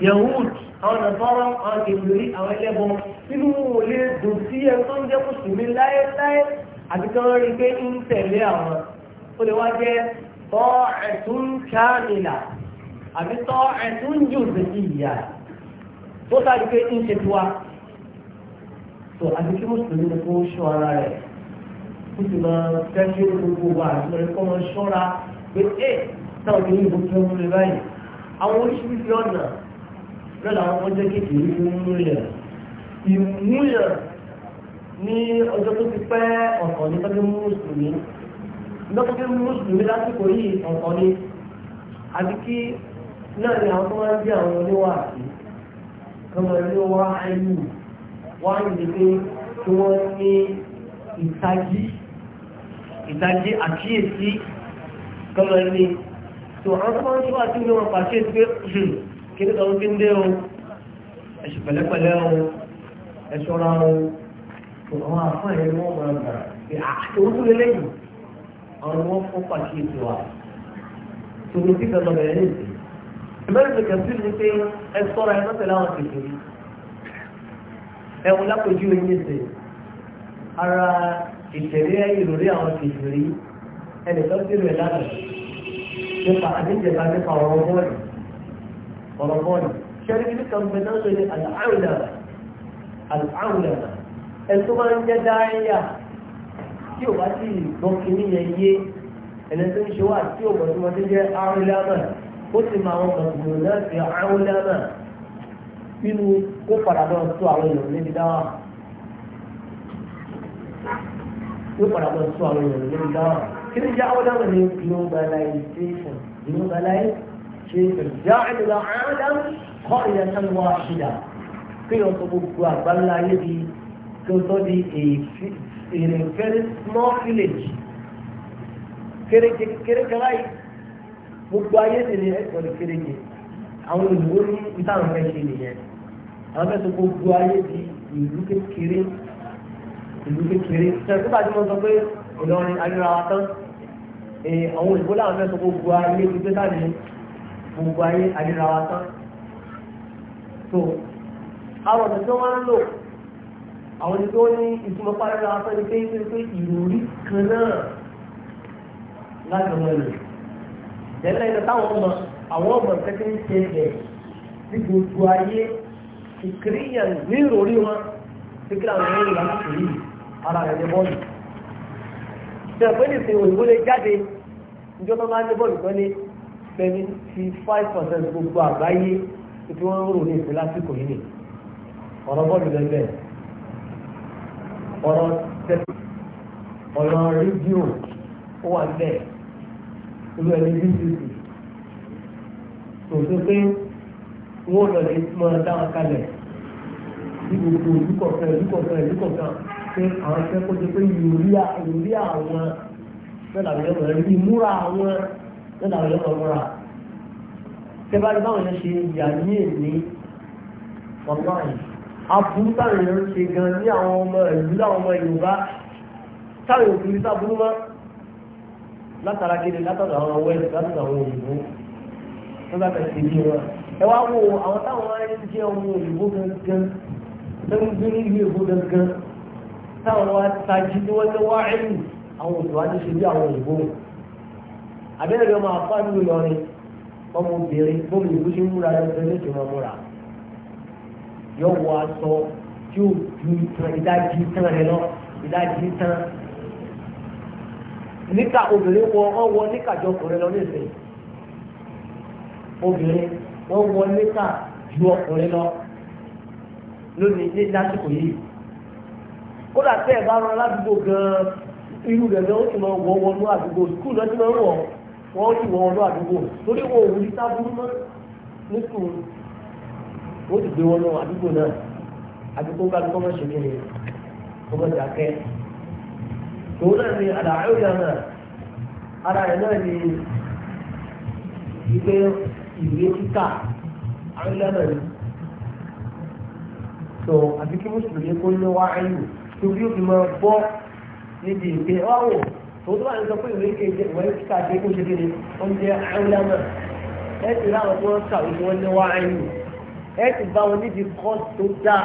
يهود أو نصارى أو كبري أو إلبهم sínú ilé dòtí ẹ tó ń jẹ́ mùsùlùmí láéláé àti kí wọ́n rí pé ń tẹ̀lé àwọn ó lè wá jẹ́ ẹ̀tún jù sí ìyá rẹ̀ tó sáré pé ń ṣe tiwa tó àti kí mùsùlùmí ni kó ṣọ́ ara rẹ̀ kó sì máa tẹ́jú gbogbo wa àti lọ́rẹ́ kó máa ṣọ́ra pé ẹ táwọn kì í yìnbọn tó ń lè báyìí àwọn oríṣiríṣi ọ̀nà lọ́la àwọn ọmọdé kékeré tó ń múlẹ̀ ìmúlẹ̀ ní ọjọ́ tó ti pẹ́ ọ̀sán ní tọ́jú mùsùlùmí lọ́pọ̀ mùsùlùmí lásìkò yìí ọ̀sán ni àti kí náà ni àwọn tó máa ń bí àwọn oníwà àti ọmọ ilé wá ẹnu wá nílé tí wọ́n ní ìtají ìtají àkíyèsí ọmọ ilé tó àwọn tó máa ń tó àti wọn pàṣẹ pé hmm, kí ní kan fi ń dé o ẹ̀sùn pẹ̀lẹ́pẹ̀lẹ́ o ẹ̀ṣọ́ra o tó àwọn àfáà yẹn ni wọ́n máa gbà pé àtòwúrú lélẹ́yìn àwọn ni wọ́n fún pàṣẹ ìtura tòun ti kan lọ bẹ̀rẹ̀ ìbẹ̀rẹ̀ ìgbẹ̀kẹ̀ sí ní pé ẹ sọ́ra ẹ mọ́tẹ̀lá àwọn kèfèrí ẹ̀wọ̀n lápòjú oyin ẹsẹ̀ ara ìtẹ̀lé ìròrí àwọn kèfèrí ẹnìkan sí rẹ̀ lára nípa àdéjẹba nípa ọ̀rọ̀ bọ́ọ̀lù ọ̀rọ̀ bọ́ọ̀lù ṣẹ́rí kí nìkan bẹ náà lórí àlàáwùlà àlàáwùlà ẹ tó máa ń jẹ́ dáríyà tí ò bá sì gbọ́ kí ní yẹn yé ẹ̀lẹ́sìn ó ti máa wọn mọ̀tò náà fi àwọn lẹ́nà nínú kó padà lọ tó àwọn èèyàn níbi dáwà kó padà lọ tó àwọn èèyàn níbi dáwà kí ni jáwọ́ dáwà ní globalization globalization jáwọ́ ìlà àádám kọ́ ìyẹn tán wá ṣídà kí ni ọ̀tọ̀ gbogbo àgbáńlá ayé di tó tọ́ di èrè very small village kéré kéré kéré báyìí gbogbo ayé sì ni ẹ̀kọ́ ní kéréje àwọn olùwó ní ìtàn fẹ́ ṣe nìyẹn àwọn fẹ́ gbogbo ayé di ìlú kékeré ìlú kékeré sẹ́kú bá ti mọ̀ sọ pé Ìlọrin ayéra wa tán àwọn olùwó làwọn fẹ́ sọ gbogbo ayé ti gbé sáà gbogbo ayé ayéra tán so àwọn ọ̀sẹ̀ tí wọ́n ń lò àwọn tí wọ́n ní ìtumọ̀ pàdé ra wa tán ni pé ìrírí kan náà láti ọmọ ìlú tẹ́lẹ̀ ní táwọn ọmọ àwọn ọmọ kẹ́kẹ́ ń ṣe ẹ̀ ní gbogbo ayé ìkíríyàn ní ìròrí wọn síkírà wọn ní ìlànà ìrì ara rẹ̀ ní bọ́ọ̀lù. ṣe pé nìsín òyìnbó lè jáde ìjọba máa ń ní bọ́ọ̀lù kan ní seventy five percent gbogbo àgbáyé tí wọ́n ń rò ní ìpín lásìkò yìí nì ọ̀rọ̀ bọ́ọ̀lù lẹ́gbẹ̀ẹ́ ọ̀rọ̀ tẹ́lẹ̀ ọ̀rọ̀ rédíò ó wà bẹ́ẹ̀ irú ẹni dcc kò sí pé wọn ò lè máa dáhùn kalẹ̀ bí gbogbo olùkọ̀ọ̀kan olùkọ̀ọ̀kan olùkọ̀ọ̀kan pé àwọn fẹ́ kó jẹ pé ìròyìn ìròyìn àwọn fẹ́lá àwọn ẹ̀rọ rí múra àwọn fẹ́lá àwọn ẹ̀rọ múra tẹ́bárí báwọn yẹn ṣe yà ní èmi online aburú táwọn yẹn ń ṣe gan ní àwọn ọmọ ìlú láwọn ọmọ Yorùbá táwọn òkú látara kéde látọ̀dọ̀ àwọn west látọ̀dọ̀ àwọn òyìnbó tó bá bẹ̀rẹ̀ sí bí wọn. ẹ wá wo àwọn táwọn ẹni jẹ́ ọmọ òyìnbó gangan tó ń gbé ní ìlú èbó gangan táwọn wa tají tí wọ́n ti wá ẹ̀yìn àwọn òṣèlú àti ṣe bí àwọn òyìnbó. àbẹ́rẹ́ rẹ̀ máa fà ní Ìlọrin ọmọbìnrin bómi ìlú ṣe ń múra ẹgbẹ́ lóṣù máa múra yọ aṣọ tí ju ìdájí ìdájí tán níka obìnrin wọ wọ́n wọ níka jọ ọkùnrin lọ nísìnyí obìnrin wọ́n wọ níka ju ọkùnrin lọ lónìí ní lásìkò yìí kódà tẹ́ ẹ̀ bá rán aládùúgbò gan-an irú rẹ̀ gan-an ó sì máa wọ wọnú àdúgbò skul náà ti máa ń wọ̀ wọ́n sì wọ wọnú àdúgbò torí wọn ò wuli sábúrú mọ́ ní skul wọ́n sì gbé wọnú àdúgbò náà àdúgbò kálukọ́ mọ́ ṣe kí ni kọ́mọ́sí akẹ́ òun náà ni àdáyọ̀yà náà ara ẹ̀ náà ni ìgbé ìwé kíkà àyọ̀yà náà ni tó àti kí mùsùlùmí kó ní wá ẹ̀yù tó bí ó fi máa bọ́ níbi ìpè ọ̀wọ̀ tó tó bá ń sọ pé ìwé kéde ìwé kíkà dé kó ṣe kéde wọ́n jẹ́ àyọ̀yà náà ẹ̀ ti láwọn tó ń kàwé tí wọ́n ní wá ẹ̀yù ẹ̀ ti bá wọn níbi kọ́ọ̀sì tó dáa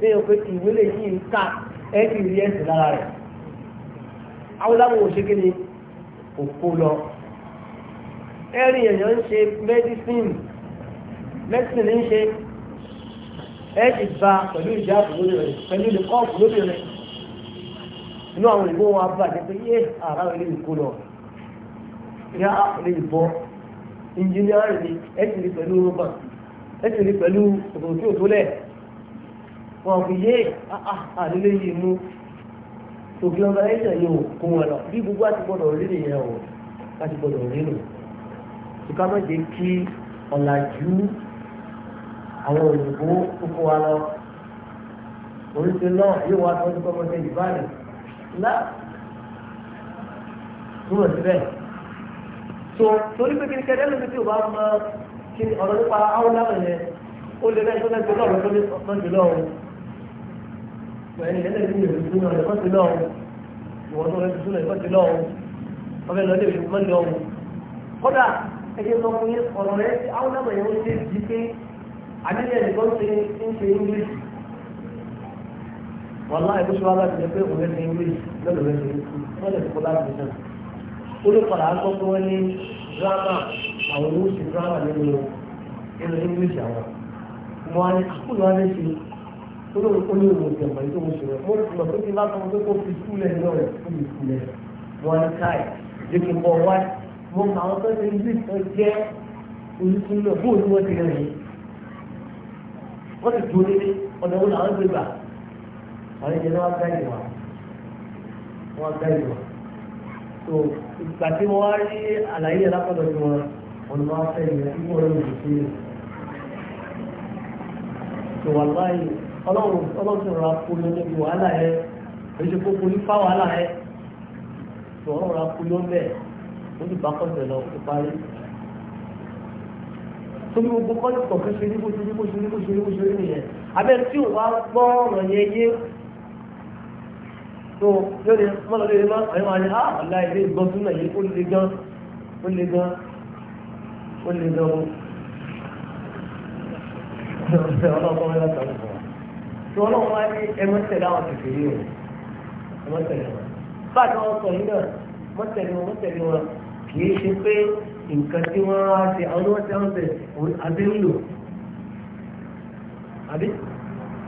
lẹ́yìn pé ìwé lè yí ń kà ẹ̀ ti rí ẹ̀sìn lára rẹ̀ awúláwọ̀ òṣèké ni òkú lọ ẹ̀rí èèyàn ń ṣe mẹ́dísìn mẹ́dísìn ń ṣe ẹ̀ ti ba pẹ̀lú ìjà àbúrò rẹ̀ pẹ̀lú ìdíkọ́ àbúrò rẹ̀ inú àwọn ìbò wọn abúlé pé yé ara ilé ìkó lọ yá ilé ìbọ ìnjìnìárì ni ẹ ti rí pẹ̀lú rọ́bà ẹ ti rí pẹ̀lú òtòtò tó lẹ̀ wọn kò yé ah, ah, àlélẹ́yìn mú òbí ọba ẹ̀ṣẹ̀ yóò kún wọn lọ bí gbogbo àti gbọdọ̀ rí nìyẹn o láti gbọdọ̀ rí nù ìka má jẹ́ kí ọ̀làjú àwọn òyìnbó kókó wa lọ oríṣi náà yóò wá tọ́jú kọ́ mọ́tẹ́ ìbáàlì ńlá túmọ̀ síbẹ̀ so torí pé kí ni kẹ́kẹ́ lóbi tí o bá mọ kí ọ̀rọ̀ nípa áwọn láwọn yẹn ó lè rẹ́ ìtọ́jú lọ́wọ́ tó ní ọ̀tọ́jú lọ́wọ́ ẹni ẹlẹ́gbẹ̀ẹ́ ìlú ìdúná ẹ̀kọ́ ti lọ́wọ́ ìwọ̀n tó rẹ̀ ti dúná ẹ̀kọ́ ti lọ́wọ́ ọbẹ̀ lọ lè mọ́ lọ wò. kódà ẹ̀jẹ̀ sọ fún yín ọ̀rọ̀ rẹ̀ ti àwọn náà yẹn ń ṣe di pé àdéhùn ẹ̀nìkan ṣe ń ṣe english wàhálà ẹ̀kọ́ ṣe wá láti jẹ pé òun rẹ̀ ṣe english lọ́dọ̀ rẹ̀ kó láti sàn. ó lè padà sọ pé wọ́n ní drama àwọn oníṣẹ́ drama nínú english àwọn. mo wá ní àkúrò wá ní ṣe tó lóun kó ní òun ìjọba yìí tó mo ṣòro mo lọ pé kí n bá sọ pé kó fi kúlẹ̀ lọ́rẹ̀ kó lè kúlẹ̀ wọn káì jẹ́ kí n bọ̀ wá mo mọ àwọn tó ṣe ilé ìtọ́ jẹ́ olùkúlẹ̀ bó ni wọ́n ti rìn wọ́n ti dúró délé ọ̀nà wo làwọn gbé gbà àwọn ìjọba wọn gbá ìwà wọn gbá ìwà tó ìgbà tí wọ́n wá rí àlàyé yẹn lápọ̀dọ̀ tí wọ́n ọ̀nà wọn fẹ́ yẹn kí wọ́n lè ṣe é tó wà láyé ọlọ́run ọlọ́run ti rọra polio níbi wàhálà yẹn èyí ṣe kó polio fá wàhálà yẹn tó ọlọ́run rọra polio ń bẹ̀ ó ti bá kọ́sẹ̀ lọ ó parí. torí gbogbo kọ́lé kọ̀ọ̀kan ṣe ní bó ṣe ní bó ṣe ní bó ṣe ní bó ṣe ní nìyẹn abẹ́ tí ò wá gbọ́ ọ̀rọ̀ yẹn yé tó lórí mọ́lọ́lé má àyẹ̀wò àyẹ̀ á ọ̀la ilé ìgbọ́n tó náà yé ó le gan ó le gan ó le gan ó. ọlọ́run kọ́ mẹ́ta ló fọ tí wọn náà wá ní ẹmọ tẹ̀lé àwọn tètè yìí o ẹmọ tẹ̀lé wọn fáàtì wọn sọ yìí náà mọtẹlẹ wọn mọtẹlẹ wọn kì í ṣe pé nǹkan tí wọn á ṣe àwọn tí wọn ti àwọn bẹ́ẹ̀ òun àbí ń lò àbí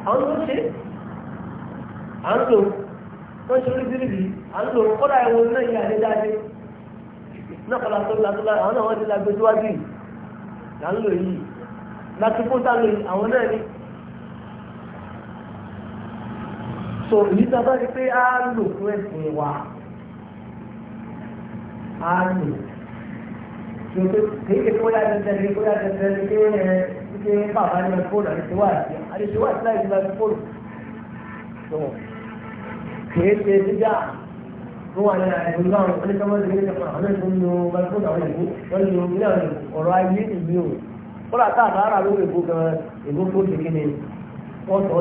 àwọn tó ṣe à ń lò wọn ṣe oríṣiríṣi à ń lò kọ́dà ẹ̀wọ̀n náà yẹ àdédáde náà kọ́dà tó la àwọn náà wọ́n ti la gbẹdúwájú yìí là ń lò yìí ni. so èyí tó pé á lò fún ẹ̀sìn wa á lò tí o tó kéyí kékeré wọ́n yá tẹ́tẹ́ ní kékeré wọ́n yá tẹ́tẹ́ ní kékeré ẹ̀ fóònù àti tiwa àti àti tiwa àti láì tiwa fóònù tó kéé ṣe dídá fún wa ní àìsàn náà wọ́n ní kí wọ́n ti àwọn ẹ̀sìn ń lo balùwẹ̀ àwọn ìlú wọ́n lo ilé àwọn ọ̀rọ̀ ayé ìlú o kó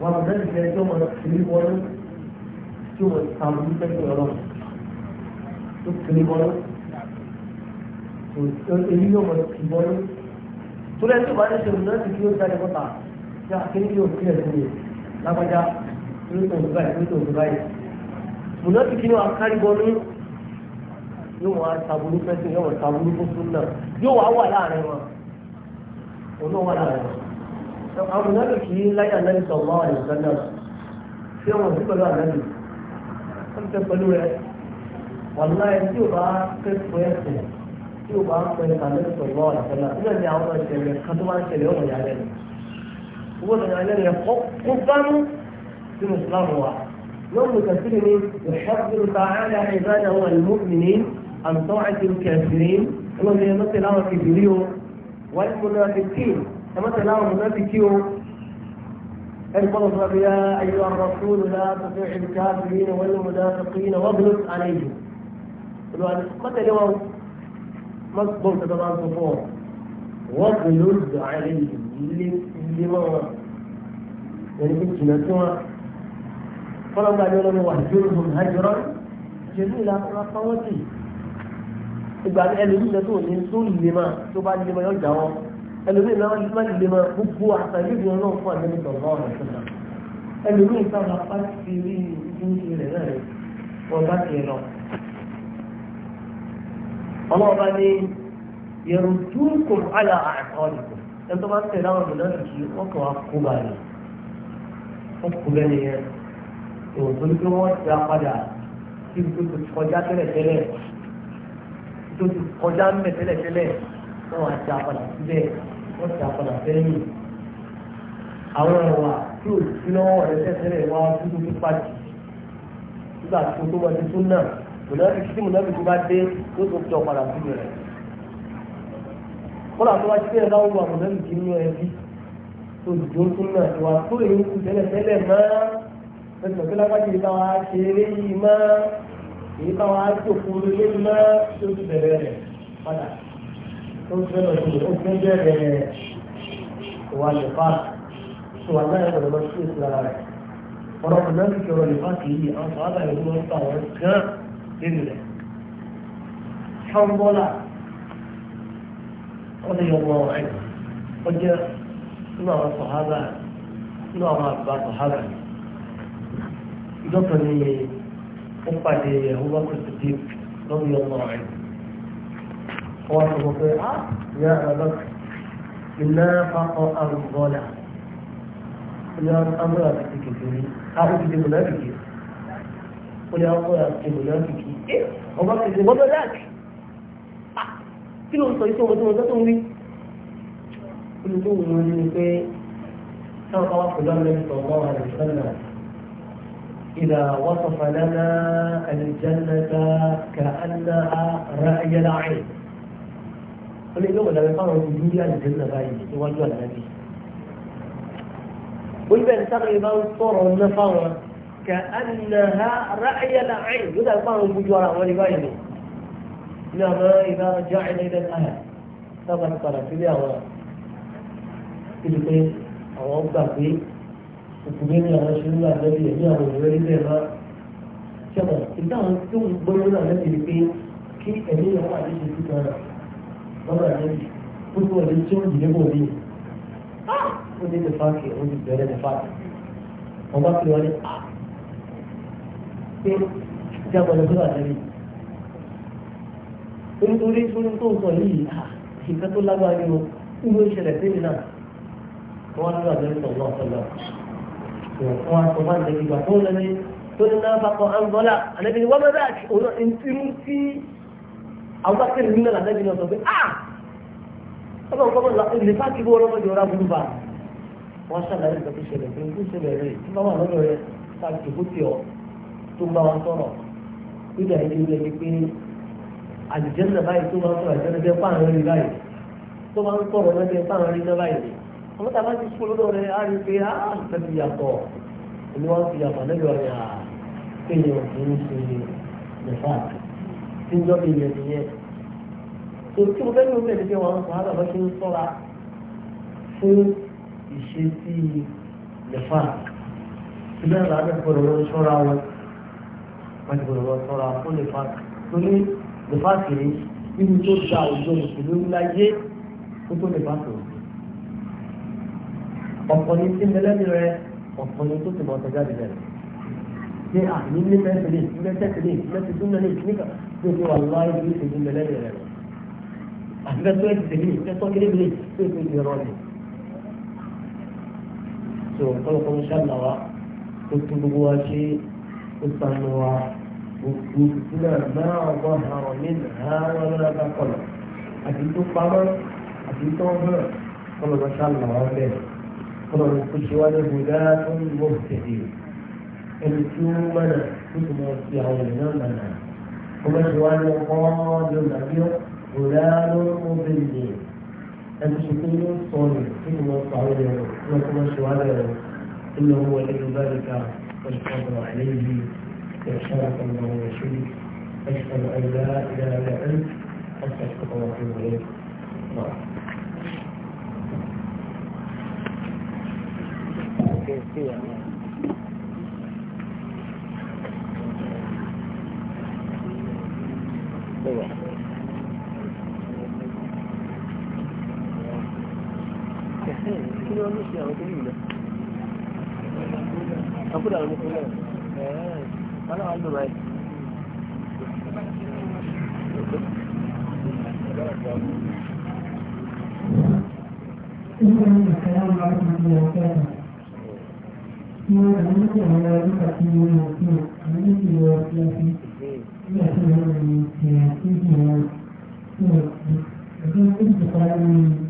wọn àbẹ ìfẹ́ tí wọn kiri wọlé tí wọn tàbí pẹ̀lú ọ̀rọ̀ tó kiri wọlé tó èyí yóò wọn kiri wọlé tó lẹ́yìn tó bá ní sọ̀rọ̀ náà ti kí ó jáde kọ́ta tí a kiri yóò kiri ẹ̀kọ́ yẹ lágbájá tó ń tòun báyìí tó ń tòun báyìí mùnà ti kí ni wọn kárí wọlé yóò wọn tàbúrú pẹ̀lú yóò àwọn mùnàbí kì í láyé ànábì sọ̀rọ̀ àwọn ìgbàlá tí wọ́n sì pẹ̀lú ànábì wọ́n ti pẹ̀lú rẹ̀ wàlá ẹ̀ tí ò bá kẹ́kọ̀ọ́ ẹ̀sìn tí ò bá pẹ̀lú ànábì sọ̀rọ̀ àwọn ìgbàlá nígbà tí àwọn ìṣẹ̀lẹ̀ kan tó máa ń ṣẹlẹ̀ ọmọ ìyàlẹ́ ni owó ìṣẹ̀lẹ̀ ìyàlẹ́ rẹ̀ kó gbánú sí mùsùlùmí wa يوم كثير من يحذر تعالى عباده المؤمنين عن طاعة الكافرين الذين يمثل على الكافرين والمنافقين كما تلاوى منافقين القول الرب يا أيها الرسول لا تطيع الكافرين والمنافقين واغلط عليهم قالوا أنا قتلوا مصدر تبع الظهور واغلط عليهم لما يعني كنت نسوا فلما قالوا لهم واهجرهم هجرا جميلا على قوتي بعد قالوا لهم نسوا لما تبع لما يرجعوا ẹlòmíì náà wọ́n má lè máa gbogbo àtàlẹ́ ìdùnnú náà fún àdébí tọ̀gbọ́n ọ̀rọ̀ síta ẹlòmíì táwọn apá ti rí ìdíje rẹ̀ náà wọ́n bá tiẹ̀ lọ. ọlọ́ọ̀bá ní yẹ̀rù túkù àlà àtọ́nìkù ẹni tó bá tẹ̀lé àwọn ọ̀dọ́ náà kì í ọkọ̀ àkóbá rẹ̀ ọkùnrin ni yẹn tó ní pé wọ́n ti apadà tí o ti kọjá tẹ́lẹ̀tẹ́lẹ̀ tó wọn wá ti apàdà síbẹ̀ wọn ti apàdà sẹ́yìn àwọn ẹ̀wà tí ò sí lọ́wọ́ rẹ̀ tẹ́tẹ́rẹ́ wá dúdú pípàdé nígbà tó tó wọlé tó náà mùnàbí tí mùnàbí tó bá dé tó tó fi ọ̀padà síbẹ̀ rẹ̀ kọ́lá tó wá sí ẹ̀ láwọn wà mùnàbí kì í nú ẹbí tó dùn tó náà ìwà tó lè ń kú tẹ́lẹ̀tẹ́lẹ̀ máa ẹsẹ̀ tó lágbájú ìta wa ṣe eré yìí máa èyí táwa á jókòó lé máa tó ti bẹ̀rẹ̀ rẹ̀ padà tó ń fẹ́ràn kí ọ̀rọ̀ nípa kì àwọn sàádà ìlú wọn gbà wọn gán nínú rẹ̀ ṣọ́nbọ́là ó lè yọmọ ẹ̀ ó jẹ́ nínú àwọn sàádà nínú àwọn àgbà sàádà ìjọ́kọ̀ والمطيعه يا ابك الا فقط الظلام قل يا رب لا تكتبني هذا في بلادك قل يا رب لا تكتبني ايه هو بس في بلادك كيلو صيص وغدو وغدو تومي كل يوم من يوم كي سوى طواف قدام النبي صلى الله عليه وسلم إذا وصف لنا الجنة كأنها رأي العين wọ́n lè lọ́wọ́ dàbẹ́ fáwọn ojú rí àlùjẹ́ náà báyìí níwájú àlàbí. oníbẹ̀ ní sábà yìí bá ń sọ̀rọ̀ ọ̀nà fáwọn kà á nà ha ráàyà láàyè ló dàbẹ́ fáwọn ojú ara wọn ní báyìí nù. ní àmọ́ ìbá jọ àìlẹ́ ilẹ̀ náà sábà ti padà sílé àwọn ìlú pé àwọn gbà pé òkùnrin ní àwọn ṣe ń gbà lẹ́bi ẹ̀mí àwọn ìrẹ́ ilé lọ́dọ̀ rẹ̀ gbogbo ọ̀dẹ́ tí ó yìí lébò mí ó ní ní fáàkì ó ti bẹ̀rẹ̀ ní fáàkì wọ́n bá fi wọ́n ní à pé jábọ̀ lọ sọ́dọ̀ àtẹ́lẹ̀ nítorí fúnni tó ń sọ yìí ìfẹ́ tó lágbára ni o ìwé ìṣẹ̀lẹ̀ sí mi náà wọ́n á lọ àtẹ́lẹ̀ sọ̀rọ̀ náà sọ̀rọ̀ wọ́n á sọ máa ń tẹ̀lé ìgbà tó tó ní náà bá abubakar nínú làdájú náà sọ pé ah ọba nǹkan bọ̀ lè fà kí wọ́n lọ́mọdé ọ̀rá burú bá wọ́n ṣàlàyé nǹkan tó ṣẹlẹ̀ pé nǹkan ṣẹlẹ̀ rẹ̀ tí bá wà lọ́dọ̀ rẹ̀ fà jòkó tì ọ́ tó ń bá wa sọ̀rọ̀ nígbà yẹn ni wọ́n pé àlùjẹ́nà báyìí tó máa ń sọ̀rọ̀ àjẹ́nà bẹ́ẹ̀ fáwọn rí báyìí tó máa ń sọ̀rọ̀ náà fáwọn rí báyìí ọmọ tàbá ti sọ lọ́dọ̀ tí ń jọ èèyàn nìyẹn tó tí mo fẹ́ ní oúnjẹ nígbà wọn kò hálà lọ́sẹ̀ ń sọ́ra fún ìṣesí lẹ́fà ilé ẹ̀rọ adẹ́gbọ̀dọ̀ wọn sọ́ra wọn wọn ti gbọdọ̀ wọn sọ́ra fún lẹ́fà lórí lẹ́fà kiri nínú tó da òjò mùsùlùmí láyé tó tó lẹ́fà tó ọ̀pọ̀ ní tí mẹlẹ́bí rẹ ọ̀pọ̀ ní tó ti bọ̀ ọ̀tẹ̀ jáde rẹ ṣé àní ní mẹ́tẹ̀lẹ́ mẹ́tẹ̀lẹ́ mẹ́tẹ̀lẹ́ mẹ́tẹ̀lẹ́ tó ní wàlúwà ibi ìṣèjú mẹlẹ́rẹ̀ rẹ̀ lọ. àbíkẹ́ tó ẹ̀sìn tèmi ìṣẹ́tọ́ kéré mi tó èso ti rọ ni. tó kọ́lọ́kọ́ ń ṣàlà wa tó tún gbogbo wa ṣe ó sanu wa gbogbo náà náà ọgbọ́n àwọn nínú àwọn ọlọ́dà bá kọlọ̀ àti tó pamọ́ àti tó hàn kọ́lọ́kọ́ ṣàlà wa bẹ́ẹ̀ kọ́lọ́kọ́ kó ṣe wá lẹ́gbẹ̀ẹ́ dáadáa tó ń bọ̀ tẹ̀lé ẹni tí mọ̀nà tó sì mọ̀ sí àwọn ènìyàn mọ̀nà. وما سواني قاد النبي غلال مضلين أنت شكيل صوني كيف ما الصعود وما سواني إنه هو ولي ذلك والقدر عليه يحشرك الله ويشفيك أشهد أن لا إله إلا أنت أستغفرك وأتوب إليك Yeah. ní wọn ní ìṣe àwọn tó yìí náà àwọn tó náà ẹ̀ẹ́ aláwa ló báyìí. Assalamu alaikum warahmatullahi wabarakatuh. Mo ní kí àwọn ọmọ ọdún àti ìwé ọ̀sán àwọn ìwé ọ̀sán sí ilé àti ìwé ọ̀sán sí ìwé ọ̀sán sí ìwé ọ̀sán sí ìwé ọ̀sán sí ìwé ọ̀sán sí ìwé ọ̀sán sí ìwé ọ̀sán sí ìwé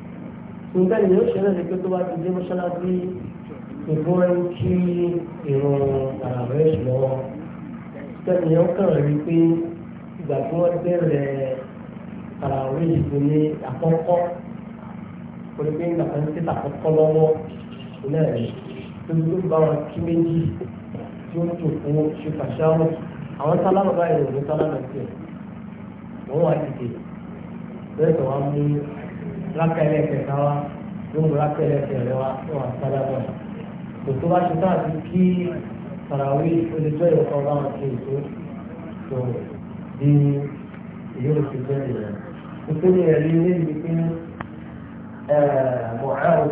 nígbà yìí ó ṣẹlẹ̀ ní pé tó bá ti dé mọ́ṣáláṣí ìbọn ẹni kí ìrùn ààrẹ lọ tẹnìyàn kàn rí pé ìgbà tí wọ́n bẹ̀rẹ̀ ààrẹ ìbò ní àkọ́kọ́ pẹ̀lú pé ìgbà kan títà àkọ́kọ́ lọ́wọ́ náà rẹ̀ tó ló bá wọn kí méjì tí ó tò fún ṣùpàṣáwọ̀ àwọn sálámà báyìí lákàlẹ̀ kẹta wa yóò mú lákàlẹ̀ kẹrẹ wa yóò wà sára bọ̀. kò tó bá ṣe tán àti kí sàràwí olùjọ́ ìwọ̀n ọba wọn ṣe ètò tó di ìyóò ti jẹ́ ìrẹ̀. kòtò ní ẹ̀rí ilé yìí pé mọ̀ọ́rù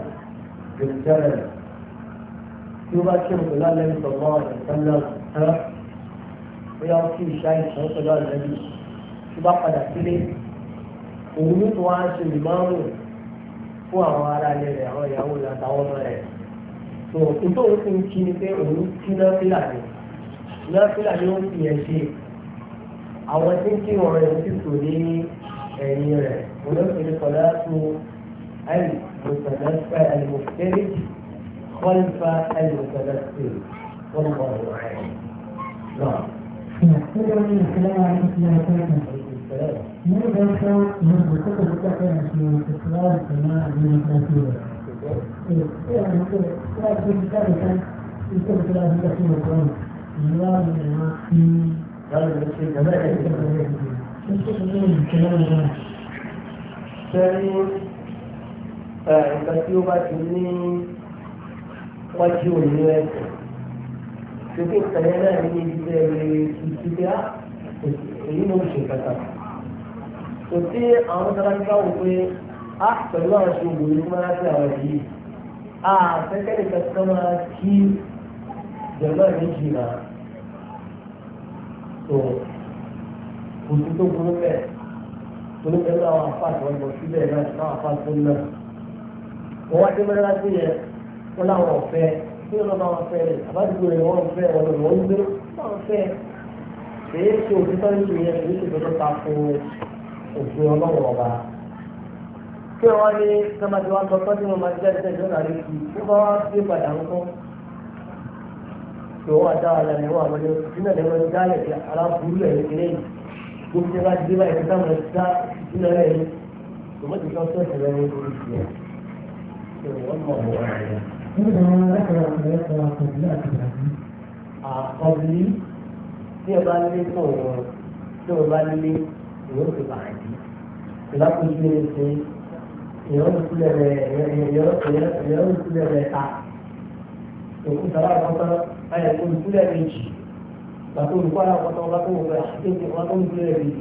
gbèjẹ́rẹ̀ tí ó bá ṣe òkú lálẹ́ ìsọ̀mọ́ ìsọ̀mọ́ ìsọ̀mọ́ bóyá ó kí ìṣá ìṣọ́ pẹ̀lú àlẹ́ yìí tí ó bá padà sílé òun ló tún wá ṣe ìmáàmù fún àwọn ará ilé rẹ̀ àwọn ìyàwó rẹ̀ àtàwọn ọmọ rẹ̀ tó nítorí òun fi ń kí ni pé òun kí náfìlà ni náfìlà ni ó fi yẹn ṣe àwọn tí ń kí wọn rẹ̀ ti tò ní ẹ̀yìn rẹ̀ òun ló fi ní kọ̀dá tó المفترج خلف المتنفل والله أعلم نعم. Many therefore use the cook of the definition to provide the non-agreement criteria. If they are to extract the definition, you can provide the definition You are in the maximum. Sẹ́yìn nǹkan tí ó bá ti ní wájú òní ẹ̀sìn, ṣùgbọ́n ìkànnì náà ní ibi bẹ́ẹ̀ lè fi síbíà èyí ló ń ṣe pàtàkì kò sí àwọn sáláńtà wò pé a ah, pẹ̀lú àwọn ṣe òwò máa ṣe àwọn yìí a fẹ́kẹ́lẹ̀ kankan máa kí jẹ̀mọ́ méjì náà tó kò sí tó burú bẹ́ẹ̀ torí pẹ̀lú àwọn àpáàtì wọn bọ̀ síbẹ̀ náà àwọn àpáàtì tó náà wọ́n wá dé mẹ́rin láti yẹ wọ́n láwọn ọ̀fẹ́ tí wọ́n lọ́nà wọn fẹ́ rẹ̀ àbádùgbò rẹ̀ wọ́n fẹ́ wọn lọ́nà wọn gbé wọ́n fẹ́ èyí ṣe òfin tó ń ṣe yẹn ta fún òfin ọlọ́wọ́ ọba kí wọ́n ní sọ́mọ́tì wọn tọ́tọ́ tí mo máa jẹ́ ẹ̀sẹ̀ ìjọba rẹ̀ kì kí wọ́n wá sí padà ń kọ́ tó wà dáwà lẹ́nu ìwà àwọn ọmọdé sínú ẹ̀rọ ní dálẹ̀ tí aláburú ẹ̀ kékeré yìí gbogbo ṣe bá dé báyìí nígbà wọn dá sínú ẹ̀rọ yìí tòmọ́tì kan tó ẹ̀sẹ̀ rẹ̀ ní orí tó wọ́n mọ̀ wọ́n rẹ̀. àkọ́bí ìlàkùnjú lè ṣe ìyọ́nù sílẹ̀ rẹ̀ ta òkú sára àkọ́tọ́ ayẹ̀ tó ìkúlẹ̀ méjì bàtó olùkọ́ ara àkọ́tọ́ wọn bá tó wọlé àkéjì wọn tó ń gbélé rí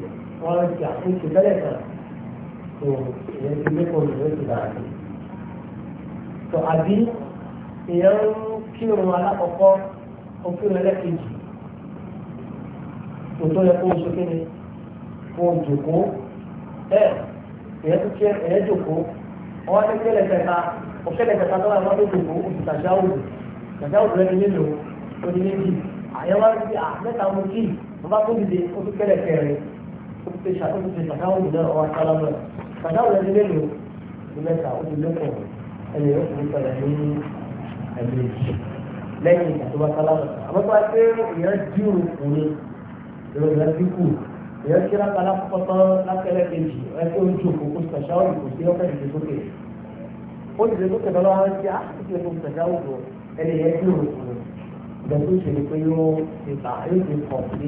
wọn lọ sí àkéjì bẹ́lẹ̀ kan tó ìyẹn ti lẹ́kọ̀ọ́ ìwé ti dára sí. tó àbí ìyẹn ń kírun alákọ̀ọ́kọ́ ó kírun ẹlẹ́kejì òtó yẹ kó o ṣe kéde kó o jòkó é é ẹ èyàn tó tiẹ̀ èyàn jòkó wọn ní kẹlẹ kẹta òkẹlẹ kẹta tó wà wọn tó jòkó oṣù tàjà òdù tàjà òdù rẹ ní mélòó ó ní méjì àyẹ̀wò àti bíi à mẹ́ta mú kí bàbá tó dìde ó tó kẹlẹ kẹrin ó tó tẹsà ó tó tẹsà káwọn òdù náà wà sálá mọ tàjà òdù rẹ ní o ó mẹ́ta ó ti lẹkọọ ẹni ó fi padà ní ẹgbẹ́ ìṣe lẹ́yìn ìgbà tó bá sálá mọ àmọ́ tó wá pé ìyẹn dí òkú ni ìrọ̀lẹ́ dínkù èèyàn kíra kala kọ́kọ́tọ́ lákẹ́lẹ́ kejì ẹgbẹ́ ojú kò kó sọ̀ṣà ó kò sí ọkọ̀ ìdè sókè ó dìde sókè lọ́wọ́ wọn ti á sì ah, ṣe kó sọ̀ṣà ó kò ẹni yẹn tí ò kù ìgbẹ́ tó ṣe ni pé yóò ti bà yóò ti kọ̀ sí i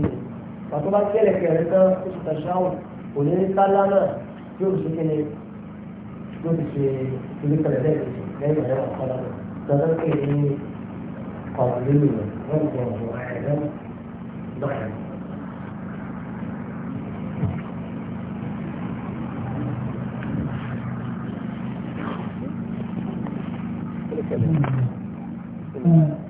pàtó bá kẹ́lẹ̀ kẹrin tán ó sì sọ̀ṣà ó kò ní sálá náà yóò ṣe kí ni yóò ti ṣe ibi kẹlẹ̀ lẹ́ẹ̀kejì lẹ́yìn ọ̀rẹ́ ọ̀kọ́lá dandan kí ni kọ̀ọ̀lù hankali eh.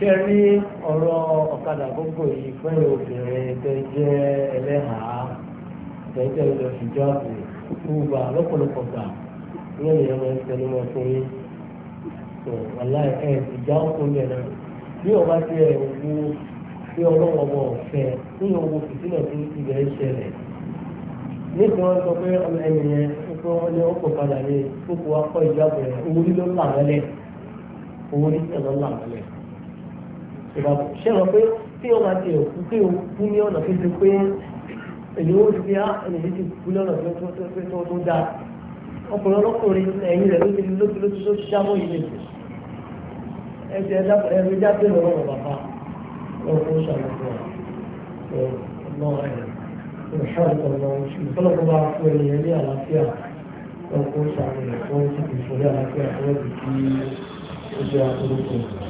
ṣe rí ọ̀rọ̀ ọ̀kadà gbogbo yìí fẹ́rẹ̀ obìnrin tẹ jẹ́ ẹlẹ́hàá tẹ jẹ́ olùsìjọ́ àbò gbogbo àlọ́pọ̀lọpọ̀ gbà ní fún yín tó ẹ̀ ọba ti ẹ̀ wo bí ọlọ́wọ́ ọmọ ọ̀fẹ́ tó ṣẹlẹ̀ nígbà wọn sọ pé ọmọ wọn ní ọkọ̀ padà ní gbogbo àbò yẹn owó owó ìbàdàn ṣẹ́wọ̀n pé tí wọ́n máa ti òkú pé òkú ní ọ̀nà tó ti pé èyí ó ti á èyí ti kú lọ́nà tó tó dáa ọkùnrin ọlọ́kùnrin ẹ̀yìn rẹ̀ ló ti ló ti ló ti ló ti jábọ̀ yìí lè ẹ̀sìn ẹ̀dá ẹ̀rọ ìjà pé lọ́wọ́ rẹ̀ bàbá lọ́wọ́ fún ṣàlùfọ́ ọ̀nà ẹ̀ ìṣàlùfọ́ ọ̀nà ìṣàlùfọ́ bá fún ẹ̀yìn ẹ̀rí àlàáfíà lọ́wọ́ fún ṣàlùfọ́ ti fi fún ẹ̀rí àlàáfíà lọ́wọ́ ti fi ojú àkókò.